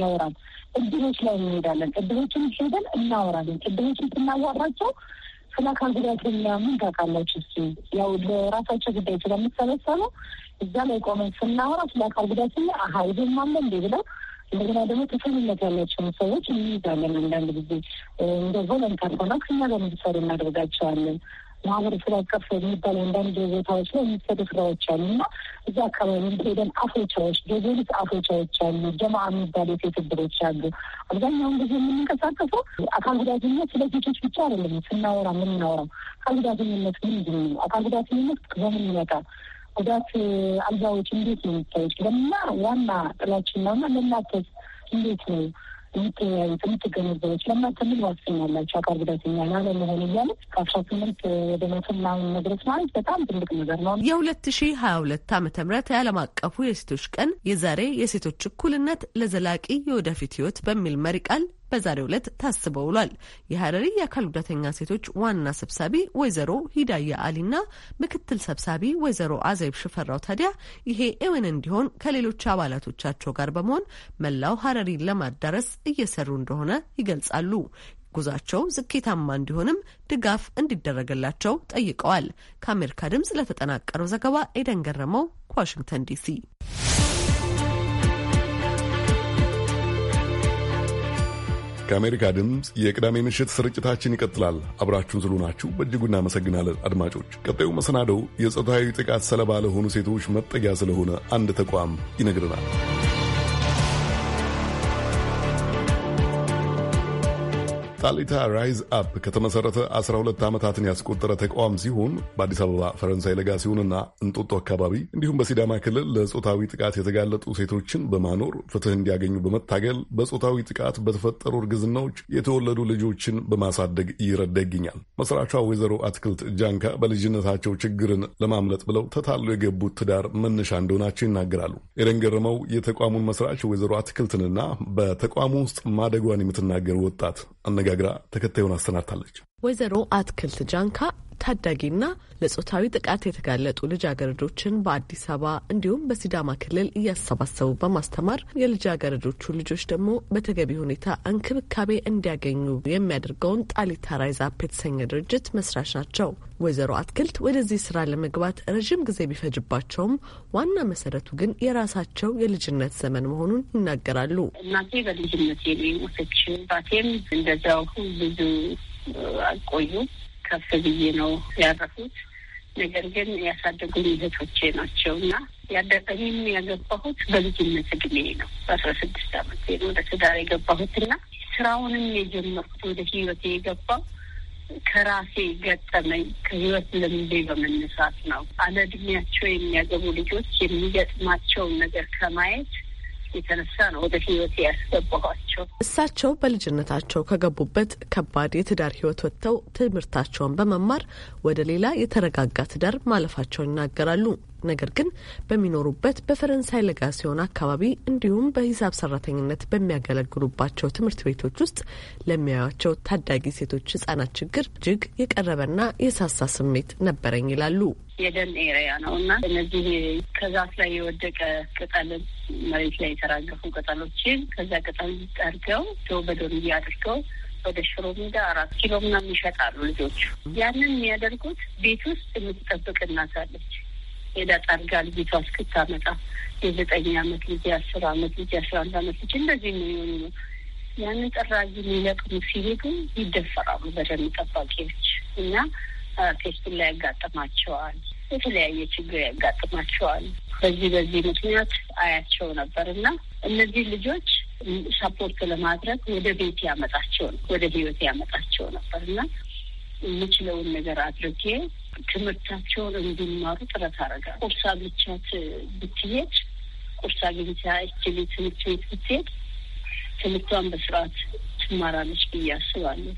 [SPEAKER 4] ያወራል። እድሮች ላይ እንሄዳለን። እድሮችን ሄደን እናወራለን። እድሮችን ስናዋራቸው ስለ አካል ጉዳተኛ ምን ታውቃላችሁ? እሱ ያው ለራሳቸው ጉዳይ ስለሚሰበሰበው እዛ ላይ ቆመን ስናወራ ስለ አካል ጉዳተኛ አሀ ይዘማለ እንዴ ብለው እንደገና ደግሞ ተሰሚነት ያላቸውን ሰዎች እንይዛለን። አንዳንድ ጊዜ እንደ ቮለንታር ሆና ከኛ ጋር እንዲሰሩ እናደርጋቸዋለን። ማህበረሰብ አቀፍ የሚባል አንዳንድ ቦታዎች ላይ የሚሰሩ ስራዎች አሉ እና እዛ አካባቢ ሄደን አፍሮቻዎች፣ የሌሊት አፍሮቻዎች አሉ፣ ጀማ የሚባሉ የሴትብሮች አሉ። አብዛኛውን ጊዜ የምንንቀሳቀሰው አካል ጉዳተኝነት ስለ ሴቶች ብቻ አይደለም ስናወራ የምናወራው አካል ጉዳተኝነት ምንድን ነው? አካል ጉዳተኝነት በምን ይመጣል? ጉዳት አልጋዎች እንዴት ነው የሚታዩት? ለማ ዋና ጥላችን ነውና ለእናንተስ እንዴት ነው የምትያዩት የምትገነዘቡት? ለእናንተ ምን ዋስትና ያላቸው አካል ጉዳተኛ መሆን እያለ ከአስራ ስምንት ወደ መቶ
[SPEAKER 7] ምናምን መድረስ ማለት በጣም ትልቅ ነገር ነው። የሁለት ሺ ሀያ ሁለት ዓመተ ምህረት የዓለም አቀፉ የሴቶች ቀን የዛሬ የሴቶች እኩልነት ለዘላቂ የወደፊት ህይወት በሚል መሪ ቃል በዛሬ ዕለት ታስቦ ውሏል። የሀረሪ የአካል ጉዳተኛ ሴቶች ዋና ሰብሳቢ ወይዘሮ ሂዳያ አሊና ምክትል ሰብሳቢ ወይዘሮ አዘይብ ሽፈራው ታዲያ ይሄ እውን እንዲሆን ከሌሎች አባላቶቻቸው ጋር በመሆን መላው ሀረሪን ለማዳረስ እየሰሩ እንደሆነ ይገልጻሉ። ጉዟቸው ስኬታማ እንዲሆንም ድጋፍ እንዲደረግላቸው ጠይቀዋል። ከአሜሪካ ድምፅ ለተጠናቀረው ዘገባ ኤደን ገረመው ከዋሽንግተን ዲሲ
[SPEAKER 1] ከአሜሪካ ድምፅ የቅዳሜ ምሽት ስርጭታችን ይቀጥላል። አብራችሁን ስለሆናችሁ በእጅጉ እናመሰግናለን አድማጮች። ቀጣዩ መሰናደው የፆታዊ ጥቃት ሰለባ ለሆኑ ሴቶች መጠጊያ ስለሆነ አንድ ተቋም ይነግረናል። ጣሊታ ራይዝ አፕ ከተመሠረተ 12 ዓመታትን ያስቆጠረ ተቋም ሲሆን በአዲስ አበባ ፈረንሳይ ለጋሲዮንና እንጦጦ አካባቢ እንዲሁም በሲዳማ ክልል ለጾታዊ ጥቃት የተጋለጡ ሴቶችን በማኖር ፍትህ እንዲያገኙ በመታገል በጾታዊ ጥቃት በተፈጠሩ እርግዝናዎች የተወለዱ ልጆችን በማሳደግ ይረዳ ይገኛል። መስራቿ ወይዘሮ አትክልት ጃንካ በልጅነታቸው ችግርን ለማምለጥ ብለው ተታሉ የገቡት ትዳር መነሻ እንደሆናቸው ይናገራሉ። ኤደን ገረመው የተቋሙን መስራች ወይዘሮ አትክልትንና በተቋሙ ውስጥ ማደጓን የምትናገር ወጣት አነጋግራ ተከታዩን አሰናድታለች።
[SPEAKER 7] ወይዘሮ አትክልት ጃንካ ታዳጊና ለጾታዊ ጥቃት የተጋለጡ ልጃገረዶችን በአዲስ አበባ እንዲሁም በሲዳማ ክልል እያሰባሰቡ በማስተማር የልጃገረዶቹ ልጆች ደግሞ በተገቢ ሁኔታ እንክብካቤ እንዲያገኙ የሚያደርገውን ጣሊታ ራይዛ አፕ የተሰኘ ድርጅት መስራች ናቸው። ወይዘሮ አትክልት ወደዚህ ስራ ለመግባት ረዥም ጊዜ ቢፈጅባቸውም ዋና መሰረቱ ግን የራሳቸው የልጅነት ዘመን መሆኑን ይናገራሉ።
[SPEAKER 4] እናቴ በልጅነት የሚወሰች ባቴም እንደዛው ብዙ አልቆዩ ከፍ ብዬ ነው ያረፉት። ነገር ግን ያሳደጉኝ እህቶቼ ናቸው እና ያደረኝም ያገባሁት በልጅነት እድሜ ነው። በአስራ ስድስት አመት ወደ ትዳር የገባሁት እና ስራውንም የጀመርኩት ወደ ህይወት የገባው ከራሴ ገጠመኝ ከህይወት ልምዴ በመነሳት ነው። አለ እድሜያቸው የሚያገቡ ልጆች የሚገጥማቸውን ነገር ከማየት የተነሳ ነው ወደ ህይወት ያስገባኋቸው።
[SPEAKER 7] እሳቸው በልጅነታቸው ከገቡበት ከባድ የትዳር ህይወት ወጥተው ትምህርታቸውን በመማር ወደ ሌላ የተረጋጋ ትዳር ማለፋቸውን ይናገራሉ። ነገር ግን በሚኖሩበት በፈረንሳይ ለጋ ሲሆን አካባቢ እንዲሁም በሂሳብ ሰራተኝነት በሚያገለግሉባቸው ትምህርት ቤቶች ውስጥ ለሚያዩቸው ታዳጊ ሴቶች ህጻናት ችግር እጅግ የቀረበና የሳሳ ስሜት ነበረኝ ይላሉ።
[SPEAKER 4] የደን ኤሪያ ነው እና እነዚህ ከዛፍ ላይ የወደቀ ቅጠል መሬት ላይ የተራገፉ ቅጠሎችን ከዛ ቅጠል ጠርገው በዶር አድርገው ወደ ሽሮ ሜዳ አራት ኪሎ ምናምን ይሸጣሉ ልጆቹ። ያንን የሚያደርጉት ቤት ውስጥ የምትጠብቅ እናት አለች። ሄዳ ጠርጋ ልጅቷ እስክታመጣ የዘጠኝ አመት ልጅ የአስር አመት ልጅ የአስራ አንድ አመት ልጅ እንደዚህ ነው የሆኑ ነው። ያንን ጥራጊ ሊለቅሙ ሲሄዱ ይደፈራሉ በደም ጠባቂዎች እና ፌስቱላ ላይ ያጋጥማቸዋል። የተለያየ ችግር ያጋጥማቸዋል። በዚህ በዚህ ምክንያት አያቸው ነበር እና እነዚህ ልጆች ሰፖርት ለማድረግ ወደ ቤት ያመጣቸው ነው ወደ ህይወት ያመጣቸው ነበር እና የምችለውን ነገር አድርጌ ትምህርታቸውን እንዲማሩ ጥረት አረጋ ቁርሳ ብቻት ብትሄድ ቁርሳ ግብቻ እችል ትምህርት ቤት ብትሄድ ትምህርቷን በስርዓት ትማራለች ብዬ አስባለሁ።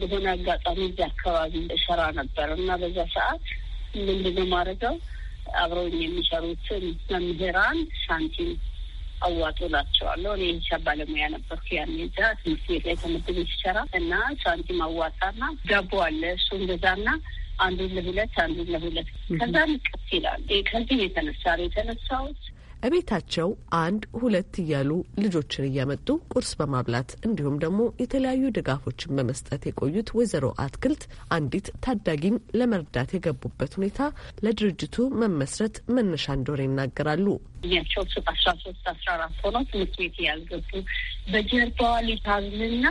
[SPEAKER 4] በሆነ አጋጣሚ እዚያ አካባቢ እሰራ ነበር እና በዛ ሰዓት ምንድነው ማድረገው አብረውኝ የሚሰሩትን መምህራን ሳንቲም ላቸዋለሁ። እኔ ሂሳብ ባለሙያ ነበርኩ ያኔ እዛ ትምህርት ቤት ላይ ትምህርት ቤት ሲሰራ እና ሳንቲም አዋጣና ዳቦ አለ እሱን ገዛና አንዱን ለሁለት አንዱን ለሁለት ከዛ ንቀት ይላል። ከዚህ የተነሳ ነው የተነሳሁት።
[SPEAKER 7] እቤታቸው አንድ ሁለት እያሉ ልጆችን እያመጡ ቁርስ በማብላት እንዲሁም ደግሞ የተለያዩ ድጋፎችን በመስጠት የቆዩት ወይዘሮ አትክልት አንዲት ታዳጊን ለመርዳት የገቡበት ሁኔታ ለድርጅቱ መመስረት መነሻ እንደሆነ ይናገራሉ።
[SPEAKER 4] እያቸው አስራ ሶስት አስራ አራት ሆኖ ትምህርት ቤት ያልገቡ በጀርባዋ ሊታዝንና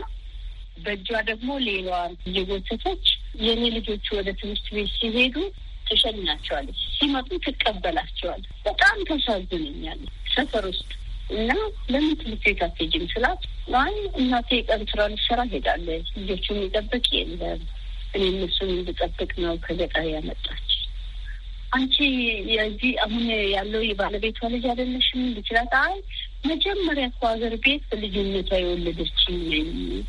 [SPEAKER 4] በእጇ ደግሞ ሌሏ እየጎተተች የእኔ ልጆቹ ወደ ትምህርት ቤት ሲሄዱ ትሸኛቸዋለች፣ ሲመጡ ትቀበላቸዋለች። በጣም ታሳዝነኛለች ሰፈር ውስጥ እና ለምን ትምህርት ቤት አትሄጂም ስላት አይ እናቴ ቀን ስራ ልትሰራ ሄዳለች፣ ልጆቹ የሚጠብቅ የለም እኔ እነሱን እንድጠብቅ ነው ከገጠር ያመጣች። አንቺ የዚህ አሁን ያለው የባለቤቷ ልጅ አይደለሽም? እንድችላት አይ መጀመሪያ እኮ ሀገር ቤት ልጅነቷ የወለደች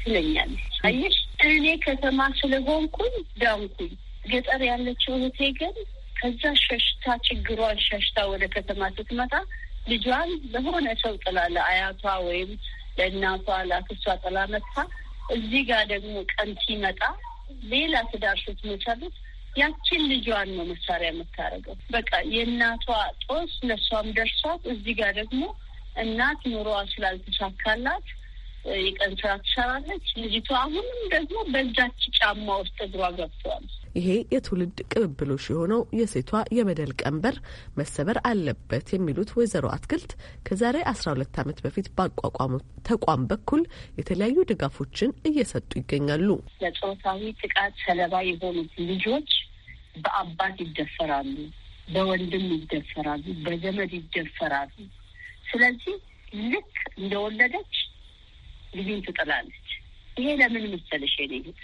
[SPEAKER 4] ትለኛለች። አየሽ እኔ ከተማ ስለሆንኩኝ ዳንኩኝ። ገጠር ያለችው እህቴ ግን ከዛ ሸሽታ ችግሯን ሸሽታ ወደ ከተማ ስትመጣ ልጇን ለሆነ ሰው ጥላ ለአያቷ ወይም ለእናቷ ለአክስቷ ጥላ መጥታ እዚህ ጋር ደግሞ ቀን ሲመጣ ሌላ ትዳር ስትመሰርት ያችን ልጇን ነው መሳሪያ የምታደርገው። በቃ የእናቷ ጦስ ለእሷም ደርሷት እዚህ ጋር ደግሞ እናት ኑሮዋ ስላልተሳካላት የቀን ስራ ትሰራለች። ልጅቷ አሁንም ደግሞ በዛች ጫማ ውስጥ እግሯ ገብተዋል።
[SPEAKER 7] ይሄ የትውልድ ቅብብሎሽ የሆነው የሴቷ የበደል ቀንበር መሰበር አለበት የሚሉት ወይዘሮ አትክልት ከዛሬ አስራ ሁለት ዓመት በፊት ባቋቋሙት ተቋም በኩል የተለያዩ ድጋፎችን እየሰጡ ይገኛሉ።
[SPEAKER 4] ለጾታዊ ጥቃት ሰለባ የሆኑት ልጆች በአባት ይደፈራሉ፣ በወንድም ይደፈራሉ፣ በዘመድ ይደፈራሉ ስለዚህ ልክ እንደወለደች ልጁን ትጥላለች። ይሄ ለምን መሰለሽ የኔት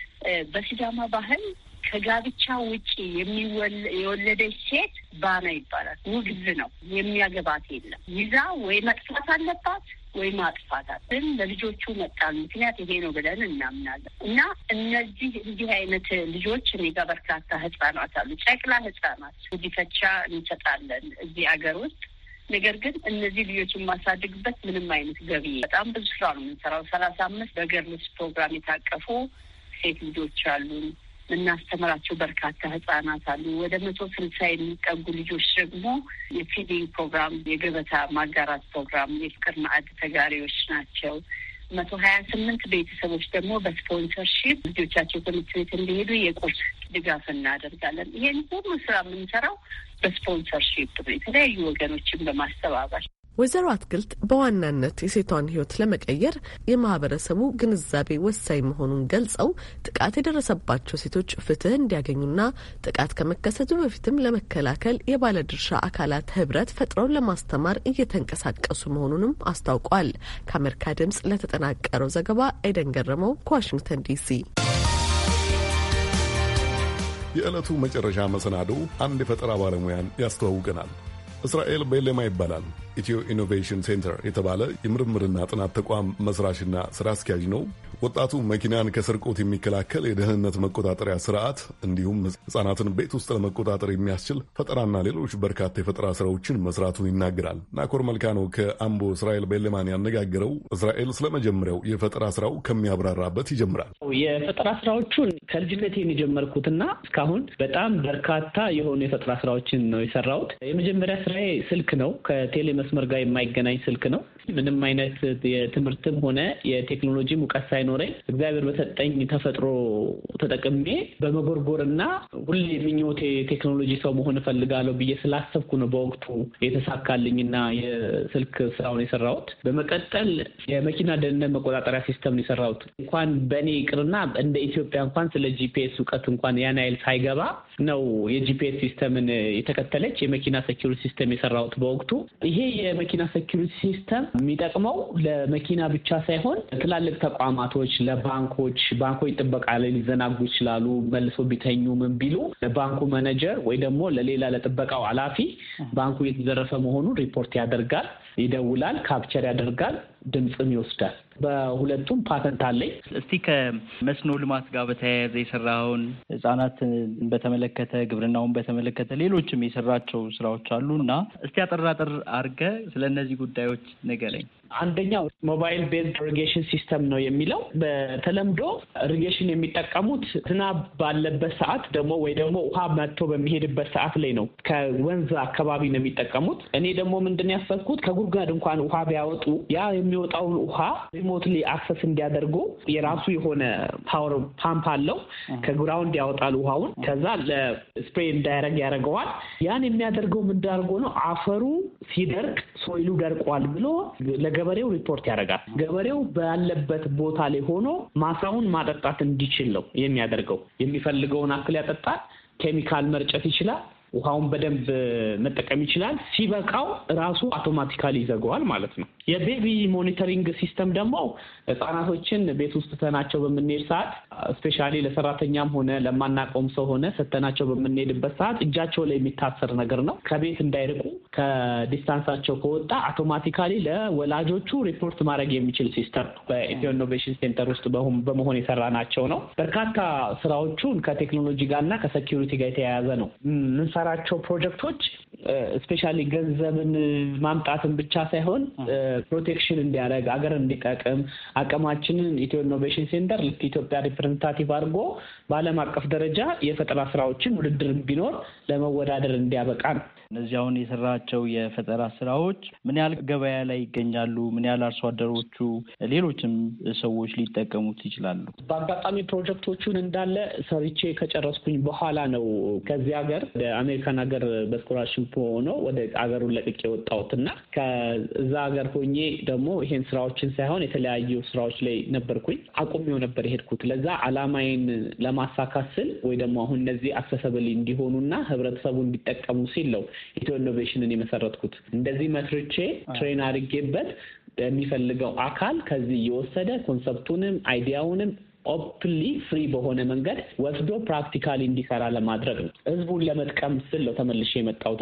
[SPEAKER 4] በሲዳማ ባህል ከጋብቻ ውጪ የወለደች ሴት ባና ይባላል። ውግዝ ነው፣ የሚያገባት የለም። ይዛ ወይ መጥፋት አለባት ወይ ማጥፋት ግን ለልጆቹ መጣል ምክንያት ይሄ ነው ብለን እናምናለን። እና እነዚህ እንዲህ አይነት ልጆች እኔ ጋር በርካታ ህጻናት አሉ፣ ጨቅላ ህጻናት ጉዲፈቻ እንሰጣለን እዚህ አገር ውስጥ ነገር ግን እነዚህ ልጆች የማሳድግበት ምንም አይነት ገቢ በጣም ብዙ ስራ ነው የምንሰራው። ሰላሳ አምስት በገርልስ ፕሮግራም የታቀፉ ሴት ልጆች አሉን። የምናስተምራቸው በርካታ ህጻናት አሉ። ወደ መቶ ስልሳ የሚጠጉ ልጆች ደግሞ የፊዲንግ ፕሮግራም፣ የገበታ ማጋራት ፕሮግራም፣ የፍቅር ማዕድ ተጋሪዎች ናቸው። መቶ ሀያ ስምንት ቤተሰቦች ደግሞ በስፖንሰርሺፕ ልጆቻቸው ትምህርት ቤት እንዲሄዱ የቁርስ ድጋፍ እናደርጋለን። ይሄን ሁሉ ስራ የምንሰራው በስፖንሰርሺፕ ነው፣ የተለያዩ ወገኖችን በማስተባበር
[SPEAKER 7] ወይዘሮ አትክልት በዋናነት የሴቷን ህይወት ለመቀየር የማህበረሰቡ ግንዛቤ ወሳኝ መሆኑን ገልጸው ጥቃት የደረሰባቸው ሴቶች ፍትህ እንዲያገኙና ጥቃት ከመከሰቱ በፊትም ለመከላከል የባለድርሻ አካላት ህብረት ፈጥረው ለማስተማር እየተንቀሳቀሱ መሆኑንም አስታውቋል። ከአሜሪካ ድምጽ ለተጠናቀረው ዘገባ ኤደን ገረመው ከዋሽንግተን ዲሲ።
[SPEAKER 1] የዕለቱ መጨረሻ መሰናዶ አንድ የፈጠራ ባለሙያን ያስተዋውቀናል። እስራኤል ቤሌማ ይባላል። ኢትዮ ኢኖቬሽን ሴንተር የተባለ የምርምርና ጥናት ተቋም መስራችና ስራ አስኪያጅ ነው። ወጣቱ መኪናን ከስርቆት የሚከላከል የደህንነት መቆጣጠሪያ ስርዓት እንዲሁም ህጻናትን ቤት ውስጥ ለመቆጣጠር የሚያስችል ፈጠራና ሌሎች በርካታ የፈጠራ ስራዎችን መስራቱን ይናገራል። ናኮር መልካ ነው ከአምቦ እስራኤል በሌማን ያነጋገረው። እስራኤል ስለመጀመሪያው የፈጠራ ስራው ከሚያብራራበት ይጀምራል።
[SPEAKER 10] የፈጠራ ስራዎቹን ከልጅነት የጀመርኩትና እስካሁን በጣም በርካታ የሆኑ የፈጠራ ስራዎችን ነው የሰራሁት። የመጀመሪያ ስራዬ ስልክ ነው ከቴሌ መስመር ጋር የማይገናኝ ስልክ ነው ምንም አይነት የትምህርትም ሆነ የቴክኖሎጂ እውቀት ሳይኖረኝ እግዚአብሔር በሰጠኝ ተፈጥሮ ተጠቅሜ በመጎርጎርና ሁሌ የምኞቴ ቴክኖሎጂ ሰው መሆን እፈልጋለሁ ብዬ ስላሰብኩ ነው በወቅቱ የተሳካልኝና የስልክ ስራውን የሰራሁት። በመቀጠል የመኪና ደህንነት መቆጣጠሪያ ሲስተም የሰራሁት እንኳን በእኔ ይቅርና እንደ ኢትዮጵያ እንኳን ስለ ጂፒኤስ እውቀት እንኳን ያን ያህል ሳይገባ ነው የጂፒኤስ ሲስተምን የተከተለች የመኪና ሴኪሪቲ ሲስተም የሰራሁት በወቅቱ። ይሄ የመኪና ሴኪሪቲ ሲስተም የሚጠቅመው ለመኪና ብቻ ሳይሆን ትላልቅ ተቋማቶች፣ ለባንኮች ባንኮች ጥበቃ ላይ ሊዘናጉ ይችላሉ። መልሶ ቢተኙ ምን ቢሉ ለባንኩ መነጀር ወይ ደግሞ ለሌላ ለጥበቃው ኃላፊ ባንኩ የተዘረፈ መሆኑን ሪፖርት ያደርጋል፣ ይደውላል፣ ካፕቸር ያደርጋል። ድምፅም ይወስዳል። በሁለቱም ፓተንት አለኝ። እስቲ ከመስኖ ልማት ጋር በተያያዘ የሰራውን ህጻናትን በተመለከተ ግብርናውን በተመለከተ ሌሎችም የሰራቸው ስራዎች አሉ እና እስቲ አጠር አጠር አድርገህ ስለ እነዚህ ጉዳዮች ንገረኝ። አንደኛው ሞባይል ቤዝድ ኢሪጌሽን ሲስተም ነው የሚለው። በተለምዶ ኢሪጌሽን የሚጠቀሙት ዝናብ ባለበት ሰዓት ደግሞ ወይ ደግሞ ውሃ መጥቶ በሚሄድበት ሰዓት ላይ ነው። ከወንዝ አካባቢ ነው የሚጠቀሙት። እኔ ደግሞ ምንድን ያሰብኩት ከጉድጓድ እንኳን ውሃ ቢያወጡ ያ የሚወጣውን ውሃ ሪሞት አክሰስ እንዲያደርጉ የራሱ የሆነ ፓወር ፓምፕ አለው። ከግራውንድ ያወጣል ውሃውን። ከዛ ለስፕሬ እንዳያደረግ ያደረገዋል። ያን የሚያደርገው ምንዳርጎ ነው አፈሩ ሲደርቅ ሶይሉ ደርቋል ብሎ ለገ ለገበሬው ሪፖርት ያደርጋል። ገበሬው ባለበት ቦታ ላይ ሆኖ ማሳውን ማጠጣት እንዲችል ነው የሚያደርገው። የሚፈልገውን አክል ያጠጣል። ኬሚካል መርጨት ይችላል። ውሃውን በደንብ መጠቀም ይችላል። ሲበቃው ራሱ አውቶማቲካሊ ይዘገዋል ማለት ነው። የቤቢ ሞኒተሪንግ ሲስተም ደግሞ ህጻናቶችን ቤት ውስጥ ተናቸው በምንሄድ ሰዓት ስፔሻሊ ለሰራተኛም ሆነ ለማናቀውም ሰው ሆነ ሰተናቸው በምንሄድበት ሰዓት እጃቸው ላይ የሚታሰር ነገር ነው። ከቤት እንዳይርቁ ከዲስታንሳቸው ከወጣ አውቶማቲካሊ ለወላጆቹ ሪፖርት ማድረግ የሚችል ሲስተም በኢትዮ ኢኖቬሽን ሴንተር ውስጥ በመሆን የሰራ ናቸው ነው። በርካታ ስራዎቹን ከቴክኖሎጂ ጋር እና ከሴኪሪቲ ጋር የተያያዘ ነው የምንሰራቸው ፕሮጀክቶች ስፔሻሊ ገንዘብን ማምጣትን ብቻ ሳይሆን ፕሮቴክሽን እንዲያደርግ አገር እንዲጠቅም አቅማችንን ኢትዮ ኢኖቬሽን ሴንተር ልክ ኢትዮጵያ ሪፕሬዘንታቲቭ አድርጎ በዓለም አቀፍ ደረጃ የፈጠራ ስራዎችን ውድድር ቢኖር ለመወዳደር እንዲያበቃ ነው። እነዚህ አሁን የሰራቸው የፈጠራ ስራዎች ምን ያህል ገበያ ላይ ይገኛሉ? ምን ያህል አርሶ አደሮቹ፣ ሌሎችም ሰዎች ሊጠቀሙት ይችላሉ? በአጋጣሚ ፕሮጀክቶቹን እንዳለ ሰርቼ ከጨረስኩኝ በኋላ ነው ከዚህ ሀገር አሜሪካን ሀገር በስኮላርሽፕ ሆኖ ወደ ሀገሩን ለቅቄ የወጣሁትና ከዛ ሀገር ሆኜ ደግሞ ይሄን ስራዎችን ሳይሆን የተለያዩ ስራዎች ላይ ነበርኩኝ። አቁሜው ነበር የሄድኩት። ለዛ አላማዬን ለማሳካት ስል ወይ ደግሞ አሁን እነዚህ አክሰሰብል እንዲሆኑና ህብረተሰቡ እንዲጠቀሙ ሲል ነው ኢትዮ ኢኖቬሽንን የመሰረትኩት። እንደዚህ መስርቼ ትሬን አድርጌበት የሚፈልገው አካል ከዚህ እየወሰደ ኮንሰፕቱንም አይዲያውንም ኦፕሊ ፍሪ በሆነ መንገድ ወስዶ ፕራክቲካሊ እንዲሰራ ለማድረግ ነው። ህዝቡን ለመጥቀም ስል ነው ተመልሼ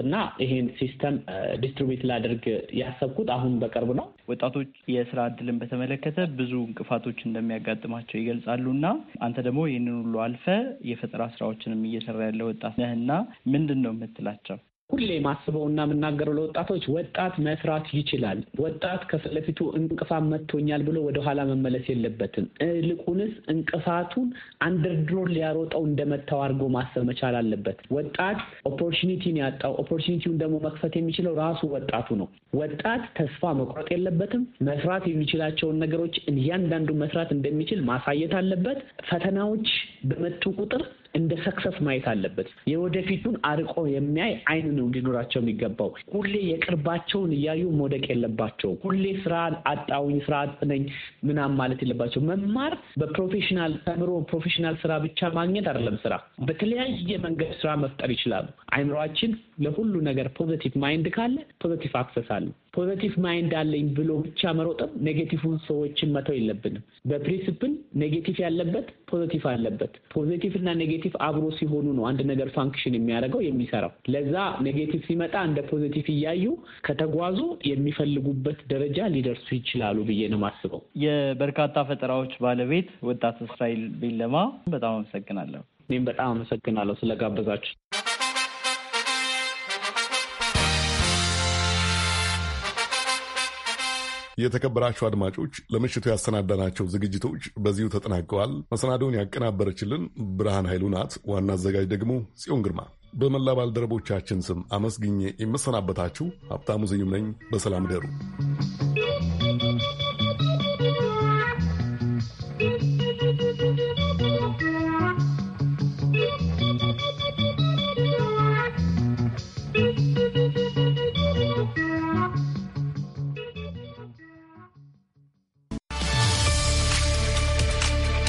[SPEAKER 10] እና ይሄን ሲስተም ዲስትሪቢዩት ላድርግ ያሰብኩት አሁን በቅርብ ነው። ወጣቶች የስራ እድልን በተመለከተ ብዙ እንቅፋቶች እንደሚያጋጥማቸው ይገልጻሉ እና አንተ ደግሞ ይህንን ሁሉ አልፈ የፈጠራ ስራዎችንም እየሰራ ያለ ወጣት ነህና ምንድን ነው የምትላቸው? ሁሌ እና የምናገረው ለወጣቶች ወጣት መስራት ይችላል። ወጣት ከፊት ለፊቱ እንቅፋት መጥቶኛል ብሎ ወደኋላ መመለስ የለበትም። ይልቁንስ እንቅፋቱን አንደርድሮ ሊያሮጠው እንደመታው አድርጎ ማሰብ መቻል አለበት። ወጣት ኦፖርቹኒቲን ያጣው ኦፖርቹኒቲውን ደግሞ መክፈት የሚችለው ራሱ ወጣቱ ነው። ወጣት ተስፋ መቁረጥ የለበትም። መስራት የሚችላቸውን ነገሮች እያንዳንዱ መስራት እንደሚችል ማሳየት አለበት። ፈተናዎች በመጡ ቁጥር እንደ ሰክሰስ ማየት አለበት። የወደፊቱን አርቆ የሚያይ አይን ነው እንዲኖራቸው የሚገባው። ሁሌ የቅርባቸውን እያዩ መውደቅ የለባቸውም። ሁሌ ስራ አጣውኝ፣ ስራ አጥ ምናም ማለት የለባቸው። መማር በፕሮፌሽናል ተምሮ ፕሮፌሽናል ስራ ብቻ ማግኘት አይደለም። ስራ በተለያየ መንገድ ስራ መፍጠር ይችላሉ። አይምሯችን ለሁሉ ነገር ፖዘቲቭ ማይንድ ካለ ፖዘቲቭ አክሰስ አለው። ፖዘቲቭ ማይንድ አለኝ ብሎ ብቻ መሮጥም ኔጌቲቭን ሰዎችን መተው የለብንም። በፕሪንስፕል ኔጌቲቭ ያለበት ፖዘቲቭ አለበት። ፖዘቲቭ እና ኔጌቲቭ አብሮ ሲሆኑ ነው አንድ ነገር ፋንክሽን የሚያደርገው የሚሰራው። ለዛ ኔጌቲቭ ሲመጣ እንደ ፖዘቲቭ እያዩ ከተጓዙ የሚፈልጉበት ደረጃ ሊደርሱ ይችላሉ ብዬ ነው የማስበው። የበርካታ ፈጠራዎች ባለቤት ወጣት እስራኤል ቢለማ በጣም አመሰግናለሁ። እኔም በጣም አመሰግናለሁ ስለጋበዛችሁ።
[SPEAKER 1] የተከበራችሁ አድማጮች ለምሽቱ ያሰናዳናቸው ዝግጅቶች በዚሁ ተጠናቀዋል። መሰናዶውን ያቀናበረችልን ብርሃን ኃይሉ ናት። ዋና አዘጋጅ ደግሞ ጽዮን ግርማ። በመላ ባልደረቦቻችን ስም አመስግኜ የመሰናበታችሁ ሀብታሙ ስዩም ነኝ። በሰላም ደሩ።